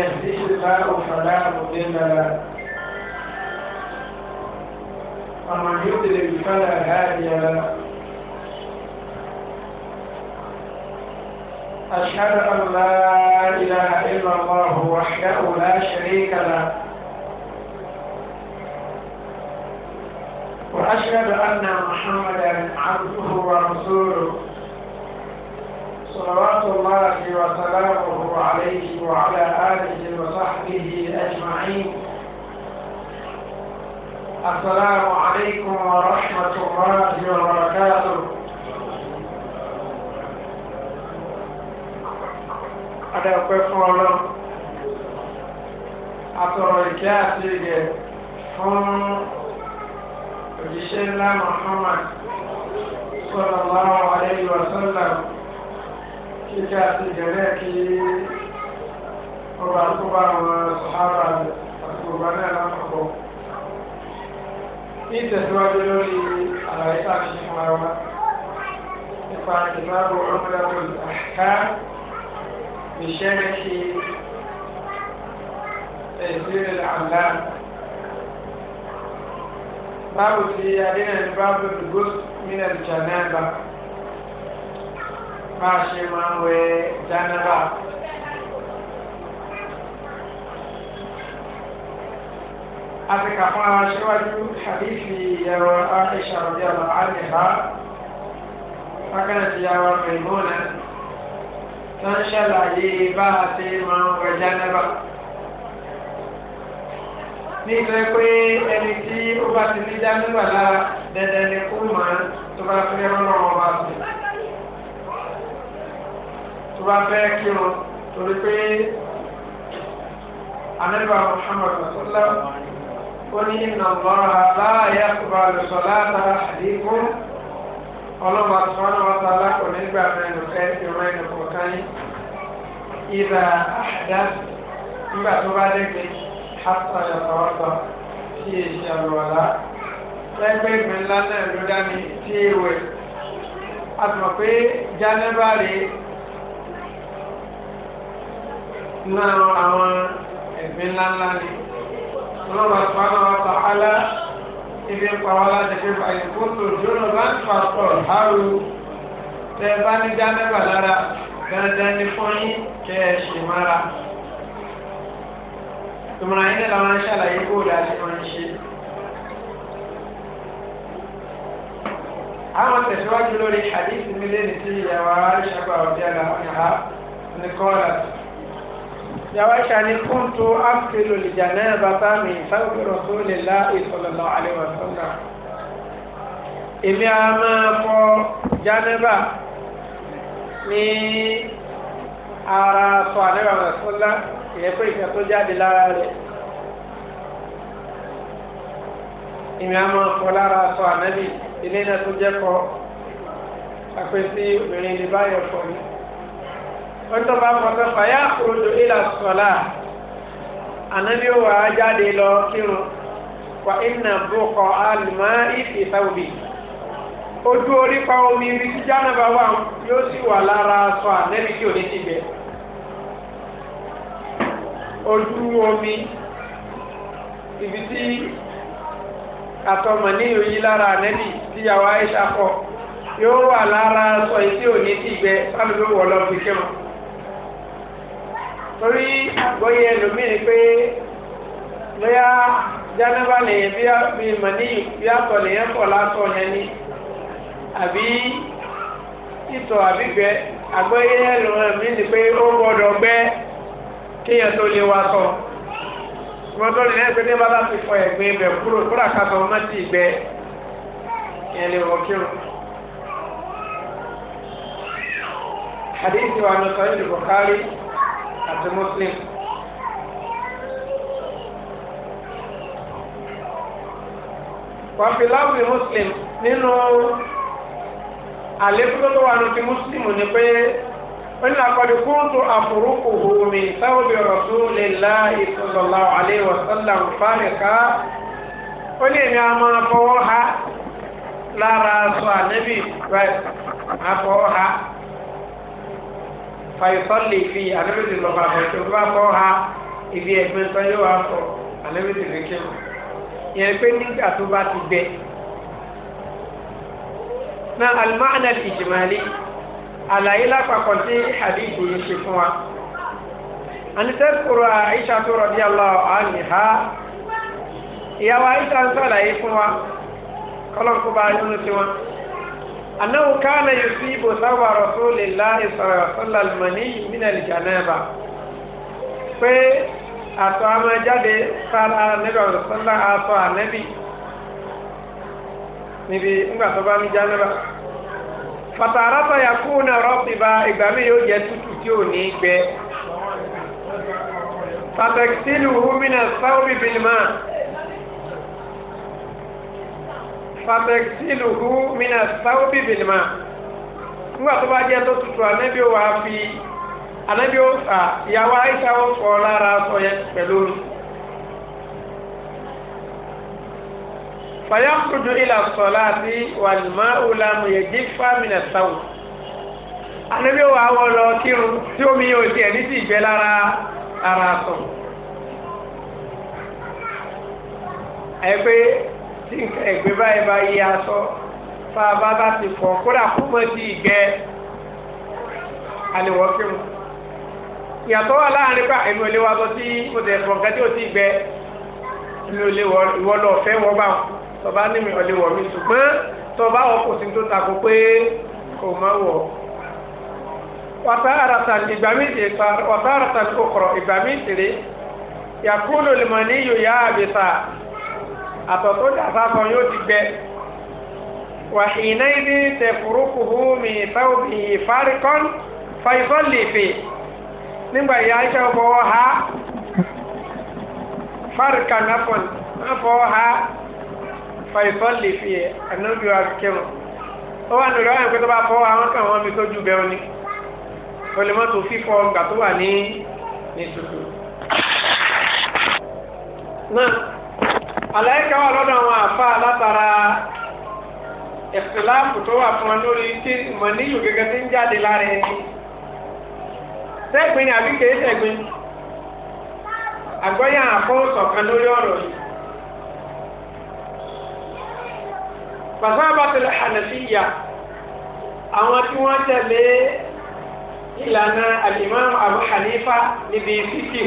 يهديه الله فلا مضل له ومن يضلل فلا هادي له أشهد أن لا إله إلا الله وحده لا شريك له وأشهد أن محمدا عبده ورسوله صلوات الله وسلامه عليه وعلى آله وصحبه أجمعين السلام عليكم ورحمة الله وبركاته أنا أقول أترى الكاتب هم رسول الله محمد صلى الله عليه وسلم kíkẹ́ àti ìjẹ́rẹ́ kí ọba tó bá wọn sọ̀hábà àti ọba náà lápapọ̀. ní ìtẹ̀síwájú lórí àlàyé tá a ṣe fún ara wa nípa ìbáàbò ọmọdébò àká ìṣẹ́rẹ́ kí ẹ̀sìn àlá. báwo ti adé náà ní báwo ti gòsì mí náà ti jà náà bá bá a ṣe máa ń wẹ jánaba. àtìkà fún ara ṣíwájú hadithi yàrá aisha radiyallahu anha wákàtí yàrá Maimuna tó ń ṣàlàyé bá a ṣe máa ń wẹ jánaba nítorí pé ẹni tí ó bá ti ní dánúbà lára dandan ni kó máa tó bá fẹ́ rán ọmọ bá sùn tó bá fẹ́ kírun torí pé anábà Muhammad sallá ó ní inna Allaha la yaqbalu salata ahadikum ọlọ́mọ àtúwọ́nà wọn ta lákòó nígbà mẹ́rin fẹ́ ìrún ẹnu kọ̀ọ̀kan yìí ìdá àdá nígbà tó bá dẹ́gbẹ́ hatta yàtọ̀wọ́tọ̀ tí èsì àlùwàlá lẹ́gbẹ́ ìgbẹ́ ńlá náà ló dání tí èèwẹ̀ a mọ̀ pé jánẹ́bà rèé nínú àwọn ẹ̀gbin ńláńlá ni ọlọ́run àtúwá náà wà pa álá ibi ń pa wá láti fi báyìí kó tó jóná bá ń fa pọ̀ háru tẹ bá ní jánẹ́bà lára dandan ní fún yín kẹ ẹ ṣì mára tòmọ̀ràn yín nílò àwọn aṣàlàyé kó o láti máa ṣe. àwọn tẹ̀síwájú lórí hadith mi lé ní sí ìyàwó aṣàgbà ọ̀dẹ́ àlàáfíà nìkọ́lá yàrá ìṣàní kúntù áfíìlù lìjànà bàtà mi sáwùjọ rọ̀sọ́lélá ìsọ̀lọ̀lọ̀ àlẹ́wàsọ́nà. èmi a máa fọ jánẹ́bà ní ara sọ àlẹ́wàsọ́lá ìyẹn pé ìṣẹ́ tó jáde lára rẹ̀. èmi a máa fọ lára sọ ànábì ilé náà tó jẹ́ kọ́ àpèsè obìnrin lè báyọ̀ fọ ni ọtọ́ bá fọṣọ fàyà òjò ìlà sọ̀lá ànáni ó wà á jáde lọ kírun wà ìnà bùkọ̀ àlùmọ́ ìfì sáwùbì ojú orí pa omi ibi tí jánàbà wà yóò sì wà lára aṣọ ànẹ́bí tí ò ti bẹ̀ ojú omi ibi tí àtọmọ̀ ní ìròyìn lára ànẹ́bí tíyàwó àìsà kọ yóò wà lára aṣọ ìtí ò ní ti bẹ sábẹ́ wọ̀ lọ́ọ́ fi kírun torí bóyá ẹlòmíì ni pé bóyá jánábà lèyìn bí màní bí àtọ̀ lèyìn pọ̀ látọ̀ yẹn ni àbí ìtọ̀ àbí gbẹ àgbẹ̀yẹ ẹlòmíì ni pé ó gbọ́dọ̀ gbẹ kéèyàn tó lè wá sọ gbọ́dọ̀ lè lẹ́gbẹ̀ẹ́ ní bàbá ti fọ ẹ̀gbẹ́ bẹ̀ kúrò kúrò àkàtọ̀ ọmọ ti gbẹ yẹn lè wọ kírun. حديث عن صحيح البخاري àti muslim. wàfiláwì muslim nínú àlékún tó wà lóti muslim ni pé wọ́n ní àkọ́dé kúrúntù àfurúkù hùmí sáwọ́bì rasulillahi sallallahu alaihi wasallam fáríkà ó lè ní a máa fọwọ́ ha lára aṣọ ànábì rẹ̀ máa fọwọ́ ha fàyọsọ́lì fi ànábìsì lọ́ba àbẹ̀tò tó bá fọ́ ha ibi ẹ̀gbẹ́ sọ yóò wá fọ ànábìsì fi kí wọn. ìyẹn pé nígbà tó bá ti gbẹ. na alimaana ìjìmàlì àlàyé lápapọ̀ tí hadithi yìí ṣe fún wa. ànitẹ́ kúrò àìsà tó radiyallahu anha ìyàwó àìsà ń sọ̀rọ̀ yìí fún wa kọ́lọ́kùnbá nínú tiwọn anáwó káàlẹ̀ yóò sí ibò sáwà rọ̀sọ́lẹ̀ láì sọ̀rọ̀ sọ́lá lùmọ̀ní mínàlì jànáàbà pé àtọ̀ amájáde sára nígbà sọ́lá àtọ̀ ànẹ́bì níbi ńgbà tó bá ní jànáàbà fàtàràtà yakuna rọ́pìbà ìgbà mi yóò jẹ tútù tí ò ní gbẹ fàtàkìtìlù húmínà sáwọ́ bìbìlì máa fàtẹ̀sílùkù mìíràn sáwọ́ bìbì nìmá nígbà tó bá jẹ́ tó tutù ànábì wa fi ànábì ó fà ìyàwó àyíṣà ó fọ lára sọ yẹn pẹ̀lú. fàyàkùdù ilà sọ̀lá àti wàlùmá òlànà yẹ̀dí fámìnà sáwọ́ ànábì ó wà wọ́n lọ kírun tí omi yóò tiẹ̀ ní sí ìgbẹ́ lára ara sọ. ẹ pé tí nǹkan ẹ̀gbẹ́ báyìí bá yí aṣọ tá a bá bá ti fọ̀ kódà kó mọ̀ sí ìgbẹ́ àníwọ̀ kí mu. ìyàtọ̀ wà láàrin pa èmi ò lè wá sọ sí mo tẹ̀ fọ̀ nǹkan tí ò sí ìgbẹ́ èmi ò lè wọ lọ fẹ́ wọ́ bá tọba ní mi ò wọ̀ mi ṣùgbọ́n tọba wọ sí tó takò pé kò má wọ̀ wàtá ìgbà mi tèrè wàtá àràtà kòkòrò ìgbà mi tèrè yàkúlò lè mọ̀ ní yòyà àbẹ̀sà àtọ̀ tó dà sáfọ yóò ti gbẹ wàhíná ibi tẹ̀fúrúkùhù mi sáwùbì fárikọ́n fàìsọ́lìfì nígbà ìyá iṣẹ́ ọ̀bọ̀wọ́ ha fárikànáfọ̀n ọ̀bọ̀wọ́ ha fàìsọ́lìfì ẹ̀ ànábìwá kẹwọn ó wà nílò àwọn ìpínlẹ̀ bá fọ́ àwọn kan wọ́n mi tó bẹ́ẹ̀ ni o fífọ́ ọgbà ní ní ṣùkú náà. àlàyékà wà lọ́dọ̀ àwọn àfa látara ìfìlàpù tó wà fún ọ lórí tí mọ̀níyù gẹ́gẹ́ tí ń jáde lára ẹni sẹ́gbìn ni àbí kèé sẹ́gbìn àgbọ́yà àfọwọ́sọ̀ kan lórí ọ̀rọ̀ yìí. Fasabatul Hanafiyya àwọn tí wọ́n ìlànà Abu Hanifa níbi fíkì.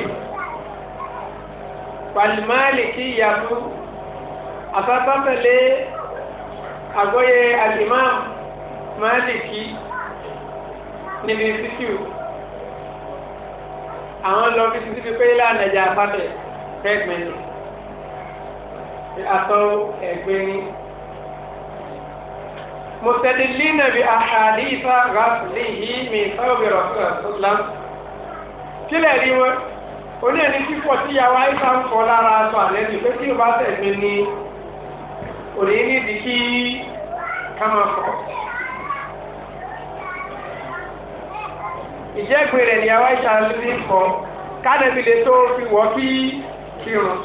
falimaliki yàtú àtàtàtàlẹ àgọyẹ alimam maliki níbi fífíù àwọn lọ fi títí pé lánàá ìjà àpàtẹ fẹgbẹni àtọ ẹgbẹni mùsẹ̀lélínà bí àhàdí ìfà rásìlì yìí mi sáwọ́ bí rọ̀fẹ́ àtúlá kílẹ̀ rí wọn oní ẹni pípọ̀ tí yàwá ìta ń kọ́ lára aṣọ àlẹ́bí pé tí o bá tẹ̀gbẹ́ ni òní nídìí kí ká máa fọ̀. ìjẹ́gbin rẹ̀ ni yàwá ìta ń fi kọ́ kánẹ́bí lè tó fi wọ́ kí kírun.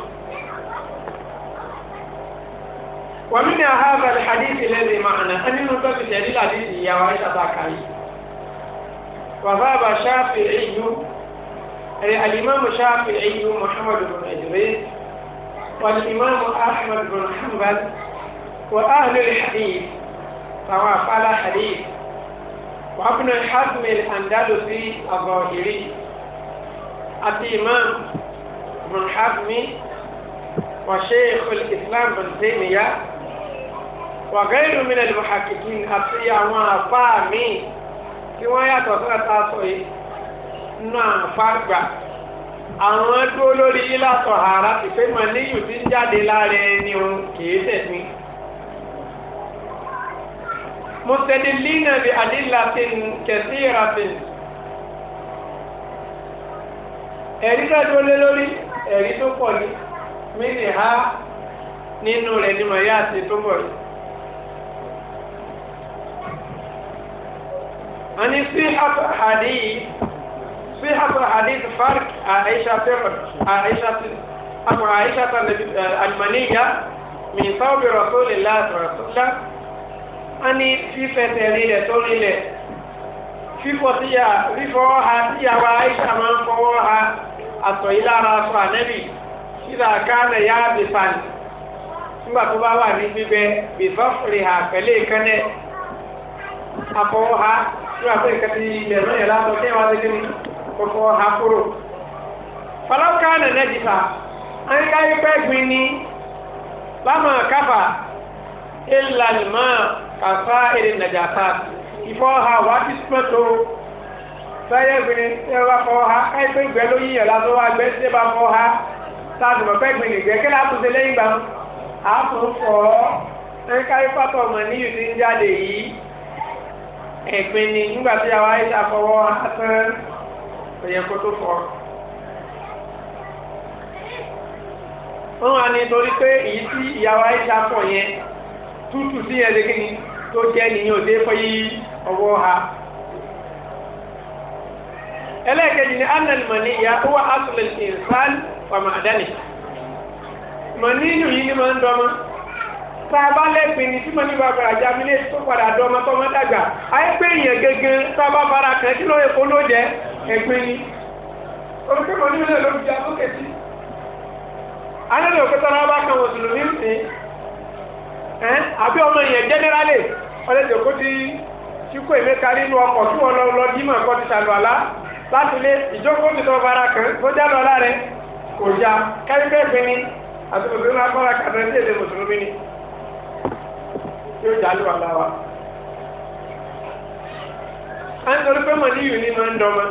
wàmí ni àhàbà ní hadith lẹ́lẹ̀ màánà nínú tó fi tẹ̀lé làdí ìyàwó ìṣàtàkà yìí. wàhálà bàṣà fi èyí yóò. الإمام الشافعي محمد بن إدريس والإمام أحمد بن حنبل وأهل الحديث فما فعل حديث وابن الحزم الأندلسي الظاهري أتي إمام بن حزم وشيخ الإسلام بن تيمية وغير من المحققين أتي أما فامي كما يتوسط أصوي nù àfàgbà àwọn dúró lórí ìlàsọ̀ ààrà ti pé màníyù ti ń jáde lára ẹni o kìí tẹ̀sìn. mùsẹ̀lélínà bí adílàtìn kẹsíratin ẹ̀rí náà dúró lé lórí ẹ̀rí tó pọ̀ ní mí ní ha nínú rẹ̀ ni màá yá àti tó pọ̀ ní. ani sí àtọ̀ àdéhìí. في حسن حديث فرق عائشة عائشة أم عائشة الألمانية من ثوب رسول الله صلى الله عليه وسلم أني في فترة تولي fífọ̀ tí a fífọwọ́ ha tí a wa aisha máa ń fọwọ́ ha àtọ̀ yìí lára aṣọ ànẹ́bì síra káàlẹ̀ yá bìfàn nígbà tó bá wà ní gbígbẹ bìfọ́fìrì ha pẹ̀lú ìkànnẹ́ àfọwọ́ ha síra pé ìkànnì ilẹ̀ lóyè látọ̀ tí wọ́n ti kiri kó fọ́ ha kúrò. fọlọ́ká nana jìfà á ń ká ipẹ́ gbin ní lámà káfà ìlànà máa kàfà èrè nàjàfà ìfọ́ ha wà á ti súnmọ́ tó sọyẹ gbini ẹ bá fọ ha káyipẹ́ gbẹ ló yíyan lásán wá gbẹ ṣe bá fọ ha sáàtì mọ̀ pẹ́ gbini gbẹ kí látún ṣe lẹ́yìn gbà á tún fọ́ ẹ káyipẹ́ tó mọ̀ níyù ti ń jáde yìí ẹ̀gbin ni nígbà tí àwa ayé ṣàfọwọ́ asán ẹ̀yẹ kó tó fọ́ wọ́n wá ní torí pé èyí tí ìyàwó àìsà pọ̀ yẹn tútù sí yẹn lékè ní tó jẹ́ nìyẹn ò dé fọ́ yí ọwọ́ ha ẹlẹ́ẹ̀kejì ni analmani ya ó wà asulil ìsán wàmà àdáni mọ̀níyù yìí ni máa ń dọ́mọ́ tá a bá lẹ́gbẹ̀ẹ́ ni tí mo ní bàbá àjà mi lè tó padà dọ́mọ́ tọ́mọ́ dàgbà àyẹ́pẹ́ yẹn gẹ́gẹ́ tá a bá fara kàn kí ló yẹ kó ló jẹ́ ẹgbẹ́ ni olùkẹ́kọ̀ọ́ ní ilé ló fi àbókè sí. alẹ́ òkúta náà bá kan mùsùlùmí ń sìn ẹ́ àbí ọmọ yẹn jẹ́nẹ́rálì ọlẹ́ jòkó ti kíkó èmi kárí inú ọkọ̀ tí wọ́n lọ lọ dímọ̀ ẹ̀kọ́ ti sàlù àlá láti lé ìjókòó ti tọ́ fara kan tó já lọ lára kò já kárí bẹ́ẹ̀ gbé ni àti òbí máa kọ́ra kàdé ní èdè mùsùlùmí ni yóò já lù àlá wa. à ń sọ pé mọ̀ níyù ni máa ń dọ́ máa.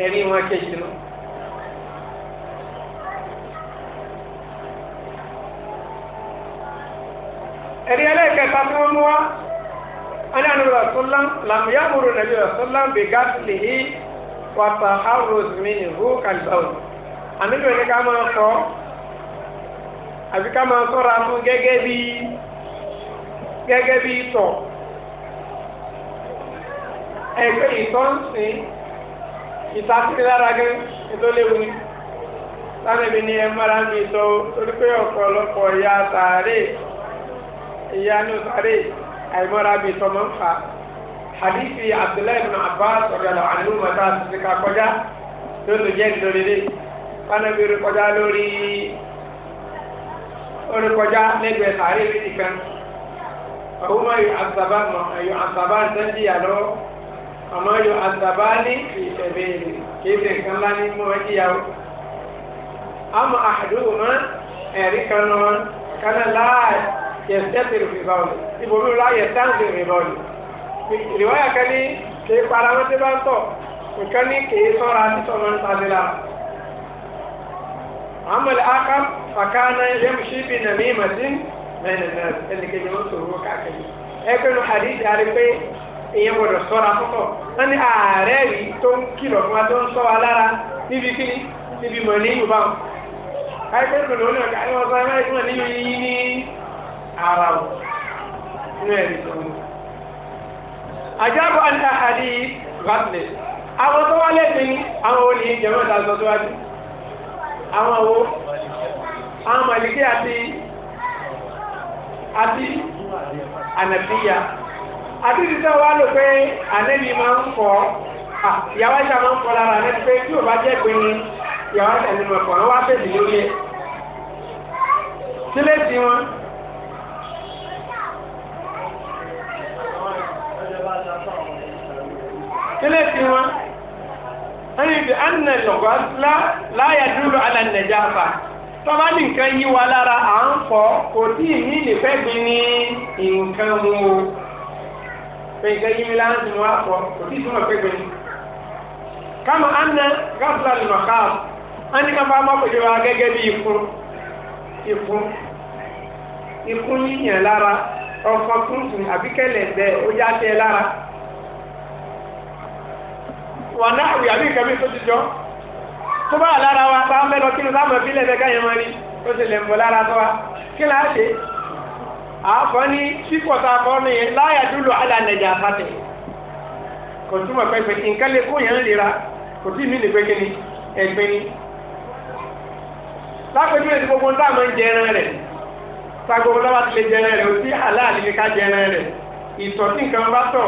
ẹ̀rí wọn kejì nù. ẹ̀rí ẹlẹ́ẹ̀kẹta tí wọ́n mú na wọ́n ní àná rasulam làmúyàmúrò nàbí rasulam bìgásìlìhí wàtà àròsìmínì hù kàlùbáwò àníbi ẹni ká máa sọ àbí ká máa sọ́ra fún gẹ́gẹ́ bí gẹ́gẹ́ ìsásílẹ̀ lára gẹ́gẹ́ ètò léwu ni sánẹ́bí ni ẹ mara ń bìí sọ torí pé ọ̀pọ̀lọpọ̀ ìyá sàárè ìyá ní sàárè àìmọ́ra bìí sọ máa ń fà hadithi abdullahi ibn abbas ọ̀dọ̀dọ̀ àlùmọ́ mọ́tà àti ká kọjá lónìí jẹ́ ìdòlélẹ̀ sánẹ́bí rí kọjá lórí orí kọjá lẹ́gbẹ̀ẹ́ sàárè bìí kan ọ̀húnmọ́ yóò àtàbà ń sẹ́ńdíyà lọ́wọ́ àmọ́ yọ àtàbá ní ìṣẹ̀bẹ̀ ìlú kìí ṣe nǹkan ńlá ní mọ́ ìyàwó. àmọ́ àdúgbò mọ́ ẹ̀rí kan náà kánà láàyè yẹ̀sẹ̀tìrì fìbáwọ̀lì ibòmí ńlá yẹ̀sẹ̀tìrì fìbáwọ̀lì. ìrìwáyà kan ní kìí para wọn tí bá ń tọ̀ nǹkan ní kìí sọ́ra títọ́ máa ń tàbí la. àmọ́ àkàm fàkánà yẹ́mùsí bíi nàmí màdín mẹ́rin náà ẹnì kejì wọn sọ̀rọ̀ káàkiri. ẹ wọ́n ní ààrẹ rí tó ń kìlọ̀ fún wa tó ń sọ wa lára níbi kíní níbi mọ̀ ní yorùbá wọn. káyọ̀pẹ́ ìpínlẹ̀ olóyè ọ̀gá ni wọ́n sọ ẹgbẹ́ ìpínlẹ̀ nínú yín ní ara wọn nínú ẹ̀rí tó wọn. àjábọ̀ àti àhàdí gàtlẹ̀ àwọn tó wá lẹ́sìn ní àwọn olè jẹ̀mọ́ ìta sọ síwájú àwọn àwo àwọn màlìkí àti àti ànàbíyà àdúrà sọ wá lò pé ànẹ́bí máa ń kọ́ ìyàwó àṣà máa ń kọ́ lára ànẹ́bí pé tí ò bá jẹ́ pé ní ìyàwó àṣà ni mo kọ̀ wọ́n wá fèsì lórí ẹ̀ sílẹ̀ sí wọn. sílẹ̀ sí wọn ẹni bí anna lọ́gọ́ láyà dúró alànàjà fà tọ́ba ní nǹkan yí wa lára à ń fọ́ kò tí ì ní ìlẹ̀fẹ́ gbin ní nǹkan mu o nǹkan yí mi láǹtì mú àpọ̀ kò tí túmọ̀ pé gbẹ̀yìn. kama anna gáfúlà lè màkà á ní ká bá má pèjọ wa gẹ́gẹ́ bí ikun ikun ikun yíyàn lára ọkọ̀ tuntun àbíkẹ́lẹ̀ bẹ́ẹ̀ ó já tẹ́ lára wà náà wì àbí nǹkan mi tó ti jọ tó bá wà lára wa bá ń bẹ́ lọ kí ni láàmú ẹbí lẹ́ẹ̀dẹ́gá yẹn máa rí tó wa kí àfọ́ní sípòtà akọ́ni yẹn láyà dúró alànàjà àtàtẹ̀ kò túmọ̀ pẹ́pẹ́ nǹkan lè kó yẹn lera kò tí mi nìgbẹ́ kí ni ẹ̀gbẹ́ ni. lápẹjú gbogbo ń dáàmú jẹ ti lè o ti ká rẹ̀ ìtọ̀ tí nǹkan bá tọ̀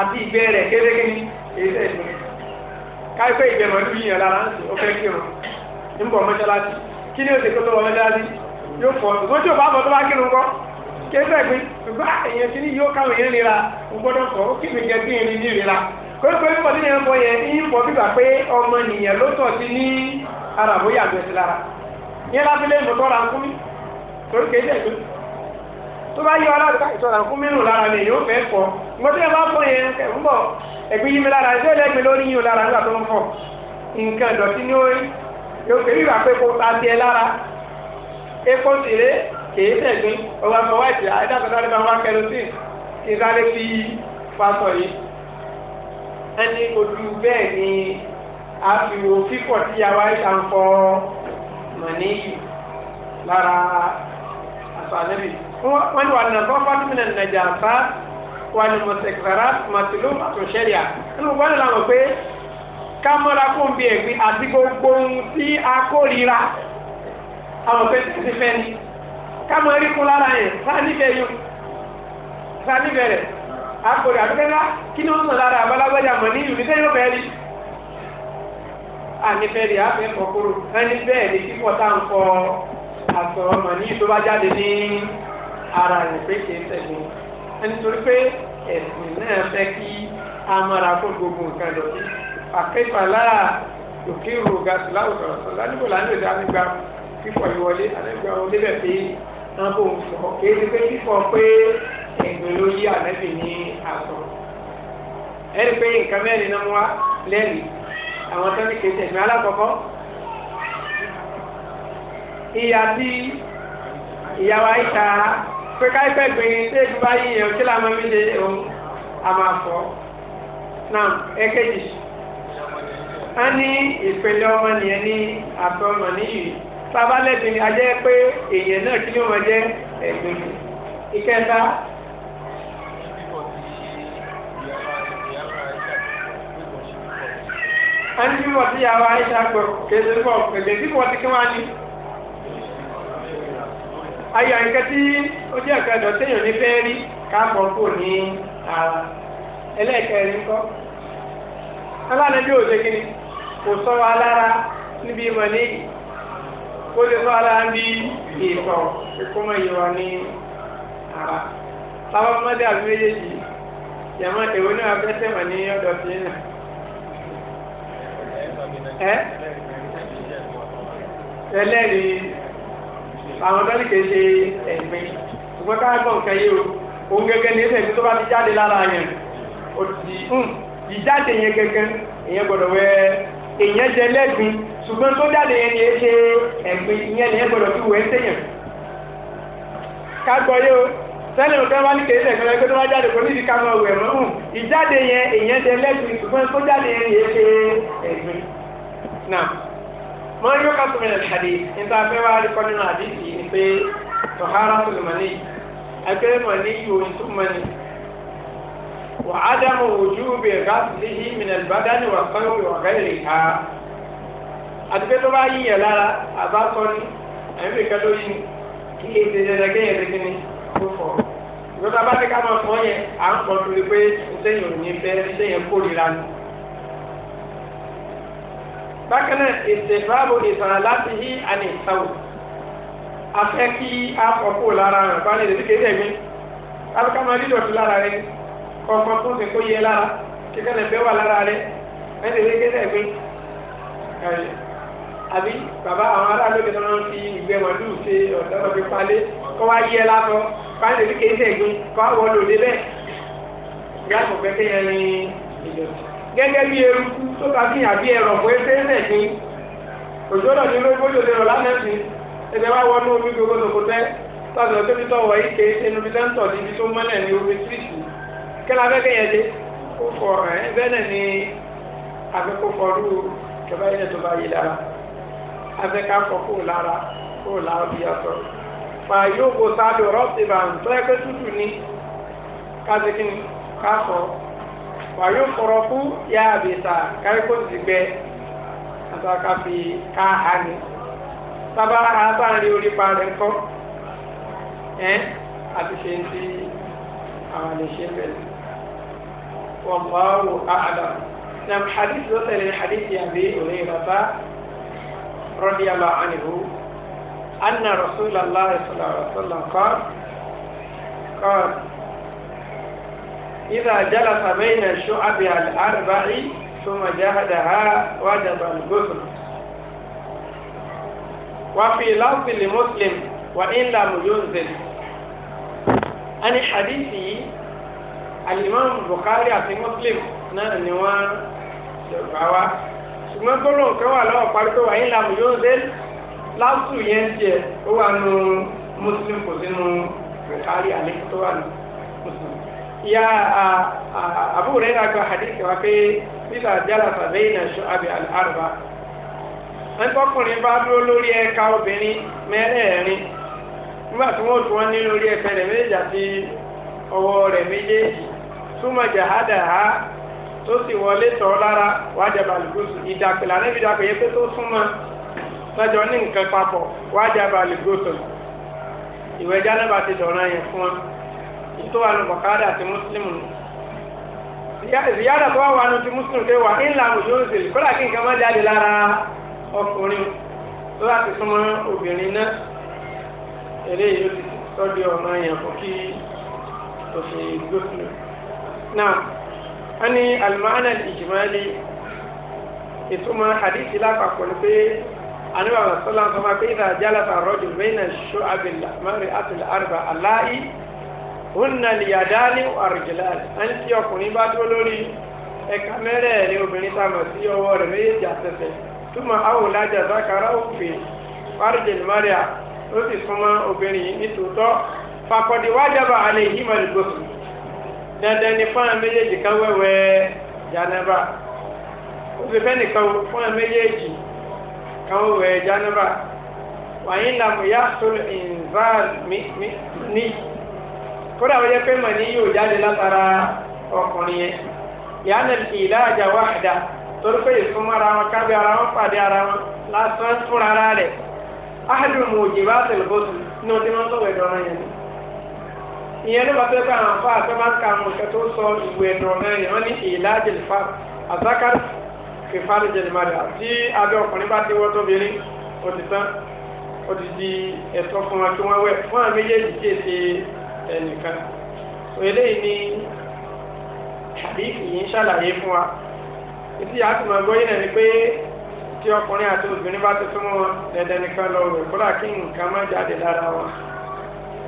àti ìgbẹ́ rẹ̀ kéré kí ni èyí káyọ̀pẹ́ ó fẹ́ ni tó kẹsẹ̀ pé bá èèyàn ti ní yóò káwọn èèyàn nira o gbọ́dọ̀ sọ ó kí mi jẹ kí n rí nira kórópè ń bọ̀ ní yẹn bọ̀ yẹn ń bọ̀ bíbà pé ọmọ nìyẹn ló sí ní ara sí lára yẹn lábílẹ̀ ń tọ́ra ń torí tó bá yọ ìtọ́ra ń nù lára mi yóò fẹ́ fọ yẹn bá fọ yẹn ń yìí mi lára lórí yìí lára nígbà tó ń kèé tẹ̀gbín ọwọ́ akọ wáìtì àìdàgbàdà rẹ̀ máa wá kẹrosin kí n sáré fi fasọ yìí. ẹni ojú bẹ́ẹ̀ ni a fi wo fífọ̀ tí a wá ìta ń fọ mọ̀ní yìí lára aṣọ àlẹ́bí. wọ́n ní wà nà bọ́ fásitì nàìjà sá wà ní mọ̀sẹ̀kẹ̀sára màtìlú àtúnṣẹ́ríà. nínú wọn ni làwọn pé ká mọ́ra kó ń bí ẹ̀gbin àti gbogbo ohun tí a kórìíra àwọn pé títí fẹ́ ni kámọ rí kún lára yẹn sáà nífẹ̀ẹ́ yọ sáà nífẹ̀ẹ́ rẹ̀ akọ̀rẹ́ àbíkẹ́lá kí ni wọ́n mọ̀ lára àbálágbájà mọ̀ ní ìlú níṣẹ́ yóò fẹ́ rí ànífẹ́ rí afẹ́ kọ̀kọ́rọ́ ẹni bẹ́ẹ̀ ni kíkọ́ tá à ń kọ àsọ̀rọ̀ mọ̀ ní ìlú bá jáde ní ara rẹ̀ pé kìí tẹ̀lé ẹni torí pé ẹ̀sìn náà fẹ́ kí a mara fún gbogbo nǹkan lọ sí àkẹ́fàlà òkè ìrògà sùláwùsọ̀rọ̀sọ̀ lánìbò lánìbò dáa nígbà fífọ̀ ìwọlé àlẹ́gbà wọlé bẹ̀ pé tábò o fọ kéde pé kíkọ pé ègbè ló yí ànábì ní àtọ ẹni pé nǹkan mẹ́rin náà wá lẹ́rìí àwọn tó ní kéde ẹ̀gbẹ́ alákọ̀ọ́kọ́ ìyá tí ìyàwó àyíká pé káyipẹ́ gbìyànjú tí èkú bá yíyan kí làwọn mi lè òun àmà fọ́ náà ẹ̀kejì a ní ìpele ọmọ nìyẹn ní àfẹ́ ọmọ níyì bàbá lẹ́sìn ni a jẹ́ pé èèyàn náà kí ni ó máa jẹ́ ẹ̀gbìn ìkẹta. ẹni bí wọ́n ti yà wá Aisha pé kéde pọ̀ pèlè bí wọ́n ti kí wọ́n á ní. ayọ̀ nǹkan tí ó jẹ́ nǹkan ẹ̀dọ̀ téèyàn ní fẹ́ rí káàpọ̀ kò ní ara ẹlẹ́ẹ̀kẹrin kọ́. alálejò òde kí ni kò sọ wa lára níbi ìmọ̀ níyì kó lè bá ara ní ìfọ̀ ìkómọ̀ ìyẹ̀wà ní ara. táwọn ọmọdé àbí méjèèjì yàmọ èwo náà abẹ́sẹ̀ wà ní ọ̀dọ̀ tí ń nà. ẹ ẹlẹ́rìí àwọn dọ́lì kìí ṣe ẹ̀gbin ṣùgbọ́n ká gbọ́ nǹkan yìí o òun gẹ́gẹ́ ní ẹ̀sẹ̀ tó bá ti jáde lára yẹn o hmm, ìjáde yẹn gẹ́gẹ́ ìyẹn gbọ́dọ̀ wẹ́ èèyàn jẹ lẹ́gbin ṣùgbọ́n tó jáde yẹn ni ẹ ṣe ẹ̀gbin ìyẹn ni ẹ gbọ́dọ̀ fi wẹ̀ ẹ́ sẹ́yìn kágbọ́ yé o sẹ́lẹ̀ nǹkan wá ní kéde ẹ̀gbọ́n ẹgbẹ́ tó wá jáde kò níbi ká máa wẹ̀ mọ́ hùn ìjáde yẹn èèyàn jẹ lẹ́gbìn ṣùgbọ́n tó jáde yẹn ni ẹ ṣe ẹ̀gbin náà mọ ní yóò kásùn mìíràn tàbí níta fẹ́ wá rí kọ́nínú àdìsí ni pé tọ̀hárà sùlùmọ́nì ẹgbẹ́ mọ̀ní yòó túmọ̀nì wà á dáhùn àti pé tó bá yíyàn lára àbá sọ ní àyẹ̀wò ìka ló yí kí èdè dẹ̀dẹ̀ kéèyàn dé kíni kó fọ̀ ìjọba bá ní ká máa fọ́ yẹn à ń pọ̀ lórí pé sẹ́yìn ò ní fẹ́ sẹ́yìn kórìíra ni. bákan náà ìṣèbáàbò ìsànà láti yí àní ìsàwò afẹ́ kí afọ́kù lára rẹ̀ bá lè dèjì kéde mi kábíkà máa rí dọ̀tí lára rẹ̀ kọ̀ọ̀kan tó ti kó yẹ lára kíkẹ́ lè bẹ́ wà lára rẹ̀ ẹ̀ lè kéde mi àbí bàbá àwọn aráàlú òkè náà fi ìgbẹ́ màlúù ṣe ọ̀sẹ̀ náà fi palẹ̀ kọ́ wá yẹ lásọ káńtì ní kéésì ẹ̀gbìn kọ́ wá wọlé òde bẹ́ẹ̀ yàtọ̀ pé kéèyàn ní ìdọ̀tí. gẹ́gẹ́ bí eruku tó ta fi hàn bí ẹ̀rọ̀fọ̀ ẹsẹ̀ ẹsẹ̀ ẹ̀gbìn òjò náà ní olóńgbòjò lè rọ̀ lánàá ẹgbẹ́ wa wọnú omi gbogbo tó kó tẹ́ tọ́jú ọjọ́ bí tọ́wọ́ yìí ké ẹnu bí tẹ́ńtọ̀ níbi tó mọ́lẹ̀ ní omi tírísì kẹ́lá fẹ́ kẹ́yẹ dé kó fọ ẹ̀ bẹ́ẹ̀ yẹn tó bá yé lára afẹ́ká kọ kó lára kó la bí yàtọ̀ fà yóò bo sáadò rọ́ọ̀tìbà ntọ́ pé tútù ní kásìkín kásọ̀ fà yóò kọ̀rọ̀ kú yá àbẹ̀sà káríkó ti gbẹ àtàkà fi ká ha ni sábà àtàrí orí parẹ́ ńkọ́ ẹ́ àti ṣe ń ti àwọn àlèṣe bẹ̀rẹ̀ wọ́n bá wò áàdà. نعم حديث وصل الحديث أبي هريرة رضي الله عنه أن رسول الله صلى الله عليه وسلم قال قال إذا جلس بين شعبها الأربع ثم جهدها وجب الغسل وفي لفظ لمسلم وإن لم ينزل أن حديثي الإمام البخاري في مسلم نحن نوان ṣùgbọ́n gbólóhùn kan wà lọ́wọ́ parí pé wàá ìlànà yóò dé láṣù yẹn tiẹ̀ ó wà nù muslim kò sínú bukari àlékún tó wà nù muslim. ìyá àbúrò rẹ̀ náà gba hadith wa pé nígbà jálá sàbẹ́ ìnà ṣọ àbí àrùbá. wọ́n tọkùnrin bá dúró lórí ẹ̀ka obìnrin mẹ́rẹ̀ẹ̀rin nígbà tí wọ́n tún wọn ní lórí ẹsẹ̀ rẹ̀ méjèèjì àti ọwọ́ rẹ̀ méjèèjì túmọ̀ jàhádà ha tó sì wọlé tọ́ lára wájà balùgòsù ìdàpẹ̀lẹ̀ ànábì dàpẹ̀ yẹ pé tó súnmọ́ tọ́jọ́ ní nǹkan papọ̀ wájà balùgòsù ìwẹ̀ jánábà ti dọ̀rọ̀ yẹn fún wa tó wà ní bọ̀kádà àti mùsùlùmù ìyáàdà tó wà wà ní ti mùsùlùmù pé wà ńlá òjòzè kódà kí nǹkan má jáde lára ọkùnrin tó bá ti súnmọ́ obìnrin náà eré yìí ló ti tọ́jú ọ̀nà yẹn fún kí òṣèlú gbósùn náà wọ́n ní alimánà ìjìmọ́lì ìtumọ̀ hadithi lápapọ̀ ni pé anuba masala sọ ma pé ìdá jálàfà rọ́jò bẹ́ẹ̀nà ṣó abilà mari atul arba aláì hunna liyadani arjilani ẹni tí ọkùnrin bá dúró lórí ẹ̀ka mẹ́rẹ̀ẹ̀rin obìnrin tá a mọ̀ sí ọwọ́ rẹ̀ méjèèjì àtẹ̀tẹ̀ túmọ̀ awòlájà zákàrà òfin farjil maria ó sì súnmọ́ obìnrin yìí nítòótọ́ fàkọ̀dé wájábà alẹ́ yìí mọ̀ ní gbòsùn dandan ni fún àwọn méjèèjì kan wẹ̀wẹ̀ jánaba ó fi fẹ́ nìkan fún àwọn méjèèjì kan wẹ̀wẹ̀ jánaba wàyí làmù yá sọlọ ìnzáàl mi ní kódà wọ́n yẹ pé mà ní yóò jáde látara ọkùnrin yẹn yánà ìlà àjà wáhìdá torí pé ìsúnmọ́ ara wọn kábí ara wọn pàdé ara wọn lásán fúnra rẹ̀ áhàlù mùjìbá tẹlifóòtù ní ọdún wọn tó wẹ̀ dọ́rọ̀ yẹn ni ìyẹn ló bá fẹ́ bá àwọn fáà tó máa ń ka àwọn nǹkan tó sọ ìwé ẹ̀dùn náà yẹn wọ́n ní ìlà jẹ̀lifá àzákàrí fìfárí jẹ̀lìmárì àti abẹ́ ọkùnrin bá ti wọ́ tóbìnrin ó ti tán ó ti di ẹ̀tọ́ fún wa kí wọ́n wẹ̀ fún àwọn méjèèjì tí èsì ẹnìkan eléyìí ni àdìsí yìí ń ṣàlàyé fún wa ìdí àtúmọ̀ gbóyè náà ni pé tí ọkùnrin àti obìnrin bá ti fún wọn dandan nìkan lọ rẹ̀ kódà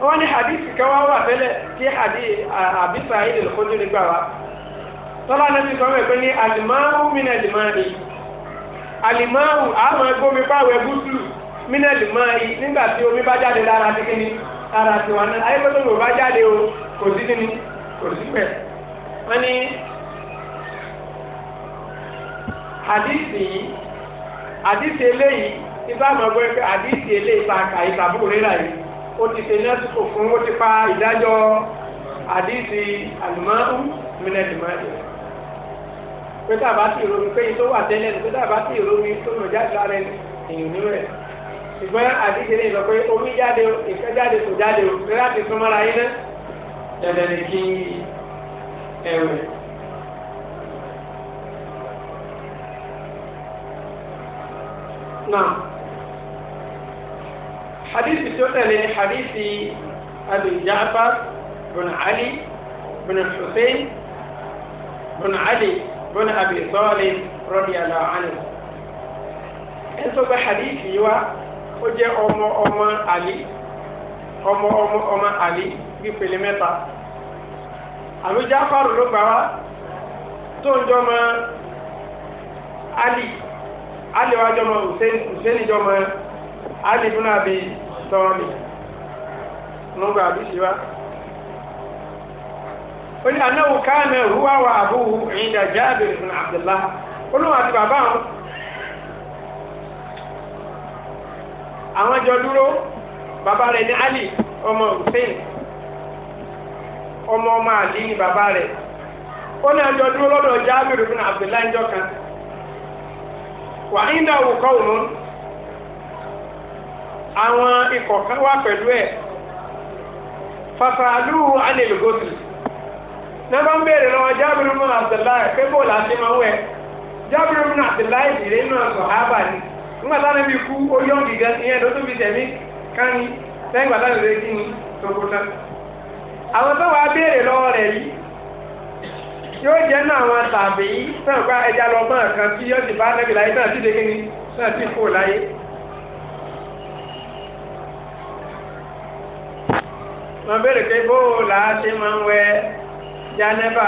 wọ́n ní hadithi kan wá wà tẹ́lẹ̀ tí hadithi Abi Sa'id al-Khudri gbà wá tọ́lá náà ti sọ wẹ̀ pé ní alimáwù mínà limáì alimáwù àwọn ẹgbómi báwẹ̀ gúúsù mínà limáì nígbà tí omi bá jáde lára ti kíni lára ti wà náà ayé tó bá jáde o kò sí kíni kò sí pẹ̀ wọ́n ní hadithi yìí hadithi eléyìí ibà máa gbọ́ pé hadithi eléyìí bá kà ìtàbùkù rírà yìí ó ti ṣe nẹ́sùkò fún ó ti pa ìdájọ́ àdìsí àlùmọ́ọ́hún mìnẹ́dìmọ́ọ́dì pé tá a bá sì romi pé tó wà tẹ́lẹ̀ ní pé tá a bá sì romi tó nà jáde lára ẹni èèyàn nínú rẹ̀ ṣùgbọ́n àdìsí lè sọ omi jáde o ìfẹ́ jáde kò jáde o pé láti sún mọ́ra yín náà dandan ni kí ẹ̀wẹ̀. náà hadithi tó tẹ̀lé ni hadithi abi jaafar bin ali bin hussein bin ali bin abi talib radiyallahu anhu ẹni tó gba hadithi yìí wá ó jẹ́ ọmọ ọmọ ali ọmọ ọmọ ọmọ ali bí pèlè mẹ́ta àbí jaafar ló gbà wá tó ń jọ mọ́ ali ali wá jọ mọ́ hussein hussein jọ mọ́ ali bin abi. sọ́ọ̀nì N'oge àdìsí wa. ó ní anáwó káàmì huwa wa àbúrò ìyìndà Jabir Abdullah ó lóun àti bàbá àwọn. jọ dúró bàbá rẹ̀ ní Ali ọmọ Hussein ọmọ ọmọ àlì ní bàbá Abdullah àwọn ikọ̀ kan wá pẹ̀lú ẹ̀ fasalu anilgosi náà ń béèrè lọ́wọ́ jábìrì mú àtìláì pé láti máa wẹ̀ jábìrì mú àtìláì ìdílé náà sọ̀ ábà ni nígbà táwọn ibi ó yọ̀ gíga ìyẹn tó tóbi tẹ̀mí kání lẹ́yìn gbàtà lè kí ni tó àwọn tó wàá béèrè lọ́wọ́ rẹ̀ yìí yóò jẹ́ náà tàbí ẹja lọ́gbọ́n kan tí yóò ti bá náà wọ́n béèrè pé bó laa ṣe pa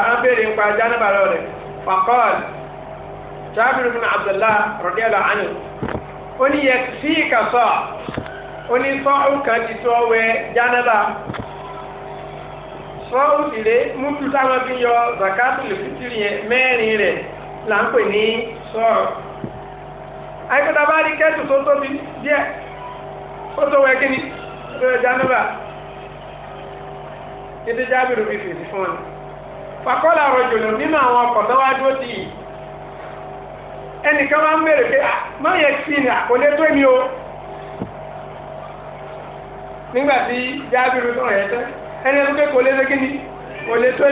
jánẹ́bà lọ rẹ̀ fakọ́ọ̀l jábìrì bin abdullah rọ̀díẹ̀lá ánì ó ní yẹ sí ìkàsọ́ ó ní sọ́ọ̀hún kan ti tó wẹ jánẹ́bà sọ́ọ̀hún sì lé yọ zakatu lè fi tìrì yẹn mẹ́rin rẹ̀ là títí jábìrì fi fèsì fún wọn. fàkọ́lá nínú àwọn ọkọ̀ tó dúró ẹnìkan máa ń béèrè pé ah, má yẹ ni àkọlé tó ní o nígbà tí tó ẹni ẹni pé kò lé lókè ni kò lé tó o.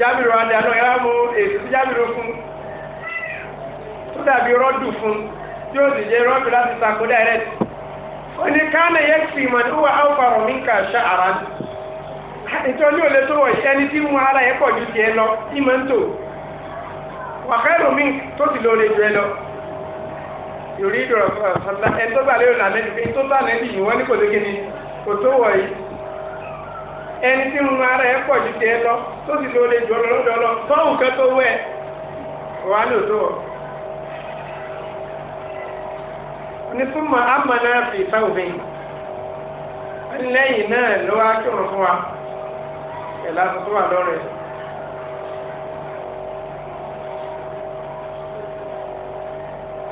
ẹ wá mú èsì tí o sì jẹ́ rọ́ọ̀bì láti sako direct ó ní kánà yẹ kì í mọ̀ ní wà áwùfà rọ̀mí kà ṣá ara ìtọ́ ní òlé tó wọ̀ ẹni tí mú ara yẹ pọ̀ ju tiẹ̀ lọ tí mọ̀ ń tò wàkẹ́ rọ̀mí tó sì lóore ju ẹ lọ yorí ìdọ̀rọ̀ sọ̀tà ẹni tó gbàlérò lànàbí pé tó tà lẹ́bí ìwọ́n ní kò tó kéde kò tó wọ̀ yìí ẹni tí ń ara ẹ pọ̀ ju tiẹ̀ lọ tó sì lọ tọ́wù kẹ́ tó wẹ̀ wà lóòótọ́ wọ̀. ní súnmọ́ amọ̀nà fi fáwọn lẹ́yìn náà ló wá kírun fún wa ẹ̀la tuntun wà lọ́rẹ̀.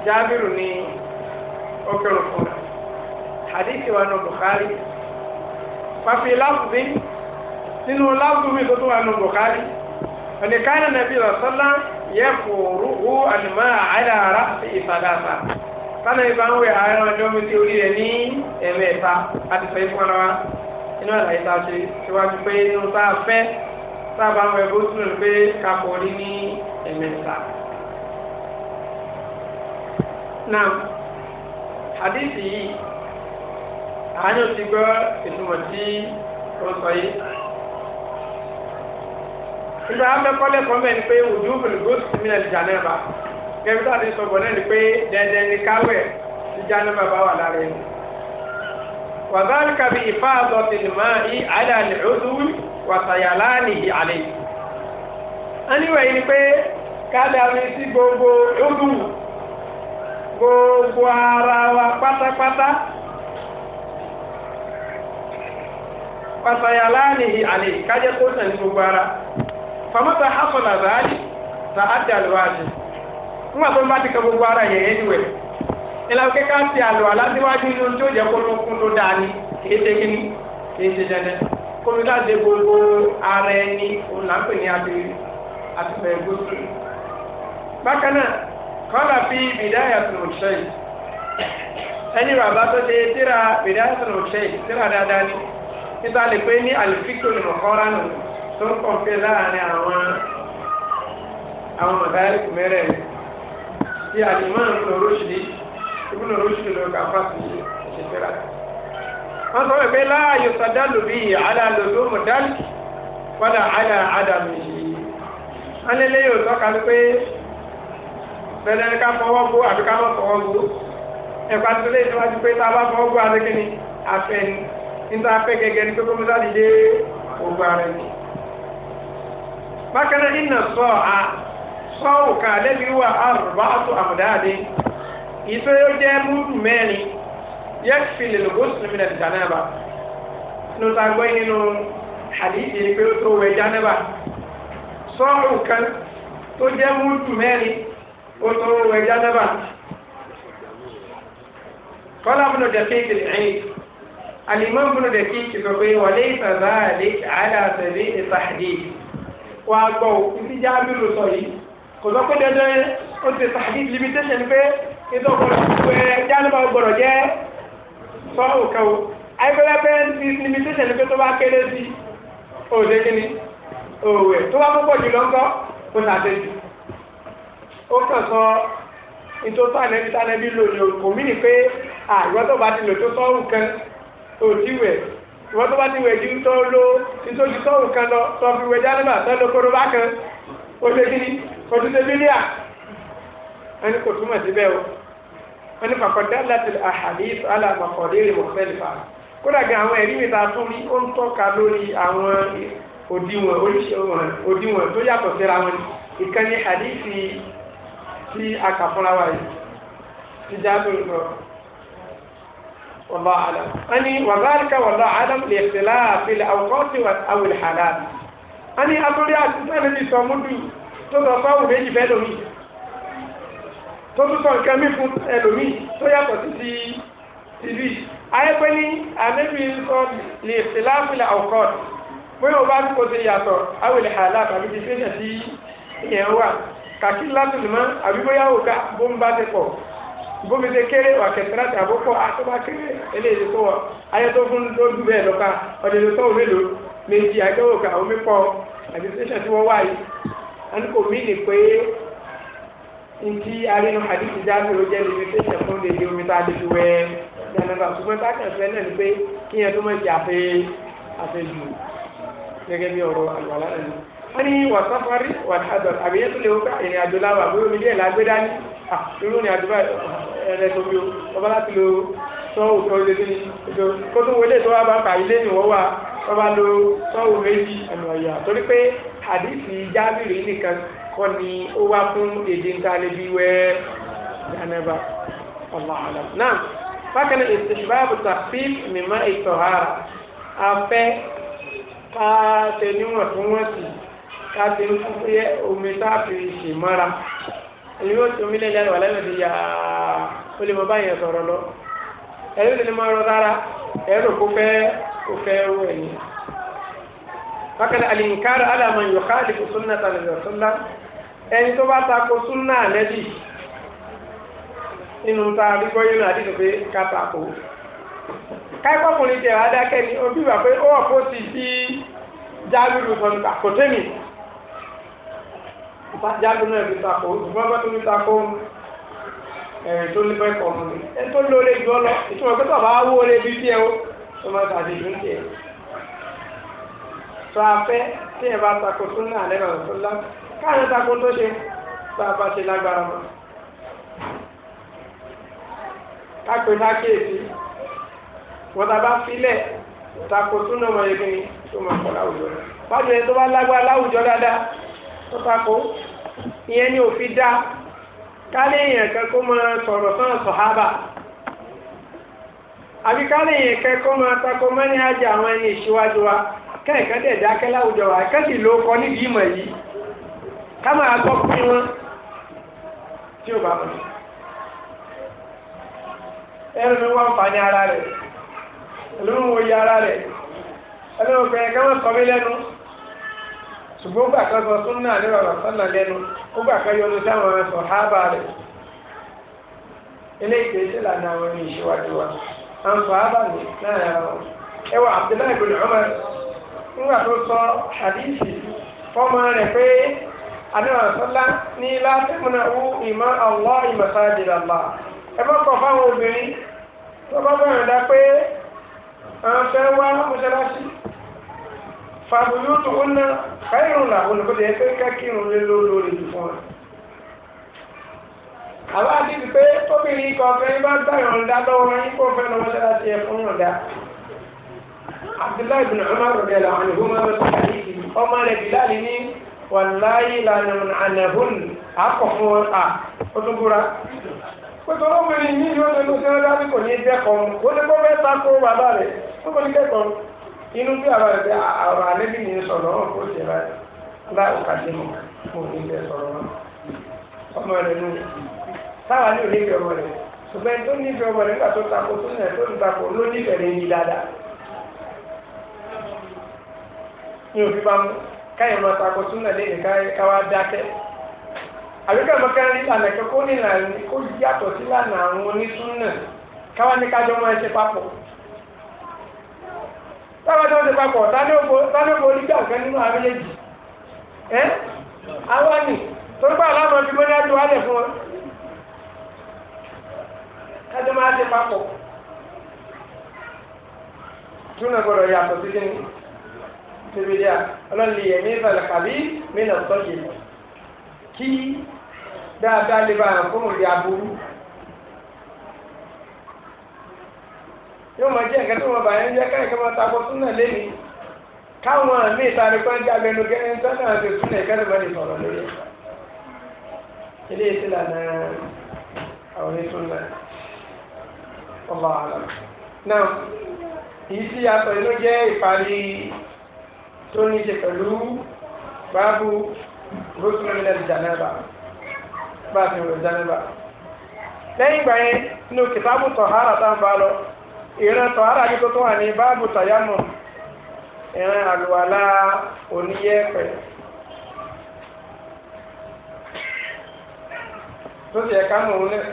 jábìrù ni ó kírun fún wa hadithi wa nù Bukhari fàfi láfùbí nínú láfùbí tó tún wà nù Bukhari ọ̀nìkanà nàbí rọ̀ sọ́lá yẹ fòrúhu àlùmọ́ àìlà sí ìfàdàfà kánà ìbá ń wẹ̀ àárẹ̀ ọjọ́ mi ti orí rẹ̀ ní ẹ̀mẹ́ta láti fẹ́ fún ara wa inú àlàyé tá a se síwájú pé inú tá a fẹ́ tá a bá ń wẹ̀ bó túnú pé ká pọ̀ rí ní ẹ̀mẹ́ta. náà àdéhìí yìí àánú ti gbọ́ ìtumọ̀ tí ó sọ yìí. ìgbà amẹ́kọ́lẹ́kọ́ mẹ́rin pé ojú òfin gòsì mílẹ̀ jàǹdà kẹfí tá a ti sọ̀bọ̀ náà ni pé dandan ni káwẹ̀ ti jáná máa bá wà lára ẹni. wàzáàlì kàbí ìfá àzọ tìlì máa yí àdá lè ọdún wí wàtàyà láàánì yìí àlè. a níwẹ̀ yìí ni pé káàdà mi sí gbogbo ọdún gbogbo ara wa pátápátá. fasaya lanihi ale kaje ko san tubara famata hasala zali ta adda alwajib nígbà tó ń bá ti ka gbogbo ara yẹn yẹn wẹ̀ ìlànà kíkà ti àlọ́ aláṣíwájú inú tí ó jẹ́ kó ló kún tó dáa ni kìí ṣe kíní kìí ṣe dandan kómi ká ṣe gbogbo ara ẹni òun là ń pè ní abẹ àtìmọ̀ ẹ̀gbọ́n tó yìí. bákan náà kọ́lá fi bìdáyà tó ń ṣe yìí ẹni bàbá tó ṣe tíra bìdáyà tó ń ṣe tíra dáadáa ni níta lè pé ní àlùfíkò ní mọ̀kọ́rá nù tó ń kọ̀ọ̀fẹ́ láàrin àwọn àwọn mọ̀tàrí kùmẹ́rẹ̀ tí àdìmọ́n ń lọ rọ́ṣìlì ìbúlò rọ́ṣìlì lọ ká fásitì ìṣẹ̀fẹ́ra. wọ́n sọ wípé láàyò sàdálù bíi alálòdó mọ̀dálì padà àdà àdàmì yìí. wọ́n lé léyò tọ́ka pé bẹ́ẹ̀ ni ká fọwọ́ bó àbí ká má fọwọ́ bó. ẹ̀fà tó lé níwájú pé tá a bá fọwọ́ bó adé kíni afẹ́ ni níta afẹ́ gẹ́gẹ́ ni pé kó mọ́tàdì dé ogun ara bákan náà sọ́ọ̀rù kan àdébí wà arba'atu amdadi ìtò yóò jẹ́ múdù mẹ́rin yẹ́kì lèlò gòsìlì mi nàìjíríà náà bá nínú tá a gbọ́ nínú hadithi pé ó tó wẹ̀ jánẹ́bà sọ́ọ̀rù kan tó jẹ́ múdù mẹ́rin ó tó wẹ̀ jánẹ́bà kọ́lá múnú dẹ̀kí kìlì ẹ̀yìn alimọ́n múnú dẹ̀kí kìlì pé wọlé ìfẹ̀dá àlè àlàtẹ̀lé ìtàhdì wàá gbọ́ òkú tí jábìlù sọ yìí kò sọ pé dandan ó ti tàbí limitation pé ètò ọ̀gbọ̀dọ̀ pé jálùbá ọ̀gbọ̀dọ̀ jẹ́ sọ́ òkè o àìpẹ́lẹ́ pé ti limitation pé tó bá kéré sí òde kíni òwe tó bá púpọ̀ jù lọ́ńkọ́ kó sàtẹ́jù ó kàn sọ ìtòtò ànẹ́bí tánẹ́bí lò ní òkò mí ni pé àwọn tó bá ti lò tó sọ́rùn kan ò tí wẹ̀ ìwọ́n tó bá ti wẹ̀ jí tó lò nítorí sọ́rùn lọ sọ fi wẹ̀ jálùbá sọ́ kọdúnlé bílíà wọn ni kò túmọ̀ síbẹ̀ o wọn ni kọ̀kọ̀dá láti àhàdís alábàkọ̀dé rẹ̀ mọ̀fẹ́lifà kódà gan àwọn ẹ̀rí mi ta tún rí ó ń tọ́ka lórí àwọn òdiwọ̀n oríṣiríṣi òdiwọ̀n tó yàtọ̀ síra wọn ìkànnì àdísì tí a kà fúnra wa yìí ti já tó lọ wàlá àdám wọn ni wàlálìkà wàlá àdám lè ṣẹlá àfilẹ àwòkọ́ ti àwòlẹ̀ àdá wọn ni atúndí àti sẹ́ni ti sọ múdù tó sọ fáwọn méjì fẹ́ lómi tó tún sọ nǹkan mí fún ẹlòmí tó yàtọ̀ sí ti tìbí ayẹ́pẹ́ ní àmẹ́bí sọ lè fi láàfilà ọ̀kọ́ bóyá o bá kó ṣe yàtọ̀ awèlè àlá àbí ti fẹ́ṣẹ̀ sí ìyẹn wà kàkí látùlùmọ́ àbí bóyá o ká bó ń bá ti pọ̀ bómi ṣe kéré wà kẹsìrá ti àbókọ́ àtọ́bá kéré eléyìí tó wọ ayé tó fún lójú bẹ́ẹ̀ lọ́ka ọ̀dẹ̀dẹ̀ tó mélòó méjì àjọwò ká omi pọ̀ àbí fẹ́ṣẹ̀ tí wọ́n wáyé wọn ni mí nì pé ntí arínú àdìsí jáde ló jẹ́ níbi tó ṣẹ̀ fún dèdè omi tá a lè fi wẹ̀ jẹnẹba ṣùgbọ́n tá a kàn fẹ́ náà ni pé kí yẹn tó mọ̀ sí àfẹ́ àfẹ́jù gẹ́gẹ́ bí ọ̀rọ̀ àlùwàlá ẹ̀nu. wọ́n ní wàsáfárì wàhádọ̀ àbíyẹ́ tó lè wọ́pẹ́ ìrìn àjò láwà bí omi díẹ̀ lágbé dání irú ni àdúrà ẹ̀rẹ́ tó bí o ọba láti lo sọ́wọ́ tó lé ní ètò kó wọlé tó wá bá kà ilé ìwọ́ ọba lo sọ́wọ́ méjì ẹ̀nà ọ̀yà torí pé àdìsí jábìrì nìkan kọ́ ni ó wá fún èdè ń tàlẹ́ bí wẹ́ jánaba Allah alam náà bákan náà istihbab taqsim mimma ìtọ̀hárà afẹ́ ká ṣe níwọ̀ntúnwọ̀nsì ká ṣe ń fún yẹ omi táàfì ṣì mọ́ra èyí ó ti omi lẹ́lẹ́ wà lẹ́nu ti yá ó lè mọ báyẹn sọ̀rọ̀ lọ ẹ̀rọ lè mọ ọ̀rọ̀ rárá ẹ̀rọ kó fẹ́ kó fẹ́ rú ẹ̀yìn bákan náà alinkar alaman yóò ká àdìgbò súnà tàbí ọ̀sọ́lá ẹni tó bá tako súnà ànẹ́bì nínú ta àdìgbò yìí náà àdìgbò pé ká tako káìpọ́kùnrin tẹ̀ wá dákẹ́ ni ó bíbà pé ó ọ̀pọ̀ sí sí jálùrù sọ̀nùkà kò tẹ́mi jálùrù náà fi tako ṣùgbọ́n bá tó fi tako ẹ̀rìn tó lébẹ́ kọ̀ọ̀mù ni ẹni tó lóore jù ọ lọ ìtumọ̀ pé tọ̀ bá wó lé bí tiẹ̀ o tó máa tàbí ìlú tiẹ̀ sọ afẹ́ tí ẹ bá takò súnà àlẹ́bà tó lá káàní takò tó ṣe bá a bá ṣe lágbára mọ́. kápẹ́ lákèésí wọ́n ta bá filẹ̀ takò súnà ọmọ yẹn kìíní tó máa kọ́ láwùjọ. bájú ẹni tó bá lágbára láwùjọ dáadáa tó takò ìyẹn ni òfin dá kálí èèyàn kan kó máa sọ̀rọ̀ sọ̀rọ̀ sọ̀hábà àbí kálí èèyàn kan kó máa takò mọ́ni ájà àwọn ẹni ìṣíwájú wa. kẹ́ẹ̀kan dẹ̀ dákẹ́ láwùjọ wa kẹ́sì ló kọ níbi ìmọ̀ yìí ká máa gbọ́ pín wọn tí ó bá mọ̀ ẹnu mi wọ́n fà ní ara rẹ̀ ẹlòmíràn wo yí ara rẹ̀ ẹlòmíràn fẹ́ kẹ́ wọ́n sọ mí lẹ́nu ṣùgbọ́n gbà kan sọ súnà ní bàbá sọ́nà lẹ́nu ó gbà kan yọnu sáwọn rẹ̀ àwọn wa nígbà tó sọ àdìsí fọ́mọ rẹ̀ pé àdìmọ̀sọ́lá ní látẹ́múnà wú ìmọ̀ àwọ̀ ìmọ̀sáàdìlàlá ẹ bá kọ̀ fáwọn obìnrin tó bá bẹ̀rẹ̀ dá pé àwọn fẹ́ wá mọ́ṣáláṣí fàbùlù tó ń ná káyọ̀rùn làwọn olùkọ́ tẹ̀ fẹ́ kákìrùn lé lórí fún wa. pé tóbi yìí kọ̀ fẹ́ bá gbàyàn dá lọ́wọ́ yín kó fẹ́ lọ́mọṣáláṣí ẹ̀ fún ọ̀dà abdullahi bin umar rọ̀dẹ̀lá ànihuma lọ́sí àdìsí ọmọ rẹ̀ bíláàlì ní wàláyé lànà ànàhùn àkọ́fún wọn à ah, ó tún búra. pẹ̀lú ọmọbìnrin yìí yóò lè lọ sí ọjọ́ àbí kò ní í dẹ́kọ̀ọ́ ó lè kọ́ bẹ́ẹ̀ tako bàbá rẹ̀ ó kò ní dẹ́kọ̀ọ́ inú bí àbá rẹ̀ ah, àwọn àlẹ́bí ni sọ̀rọ̀ wọn kò ṣe rà láì kàdé mọ̀ kò ní bẹ́ẹ̀ sọ̀rọ̀ ọmọ rẹ̀ nù táwa ní òní ìfẹ́ ọmọ rẹ̀ ṣùgbọ́n tó ní ìfẹ́ ọmọ rẹ̀ nígbà tó tako tó nà tó ń tako ló ní ìfẹ́ rẹ̀ yí dáadáa. ní òfin bá mú káyọ̀ máa takò súnà lẹ́yìn káwá dákẹ́ àbíkà mọ́kànlá nílànà kẹ́kọ́ nílànà kó yàtọ̀ sí lànà àwọn onísúnà káwá ní kájọ máa ṣe papọ̀ táwọn tó ń ṣe papọ̀ tani ó borí gbà kan nínú àwọn méjèèjì ẹ́ àwọn ni torí pé aláàmọ́ bí wọ́n ní àjọ wálẹ̀ fún wọn kájọ máa ṣe papọ̀ túnà gbọ́dọ̀ yàtọ̀ sí kí ni níbi díà ọlọ́run lè yẹ̀ mí ìfẹ̀lẹ̀ kàbí mí nà sọ yìí lọ kí dáadáa lè bá àwọn fóònù di aburú. yóò máa jẹ́ nǹkan tó máa bàyẹ̀ ń jẹ́ káyọ̀kẹ́ máa takò súnà lẹ́nu káwọn àmì ìtàrí kan jẹ́ abẹnú gẹ́gẹ́ sọ́nà àti súnà ìkẹ́rìmọ́ ní sọ̀rọ̀ lórí ẹ̀. ilé ìsìlànà àwọn onísúnà ọlọ́ọ̀lá náà èyí tí a inú jẹ́ ìparí tó ní ṣe pẹ̀lú báàbù rúṣùn nílẹ̀ ìjànàbà báàbù rẹ̀ ìjànàbà lẹ́yìn ìgbà yẹn nínú kìtàbù tọ̀hárà tá ń bá lọ ìran tọ̀hárà ní tó tó wà ní báàbù tàyámù ìran àlùwàlá oníyẹ̀pẹ̀ tó ti ẹ̀ka mọ̀ òun náà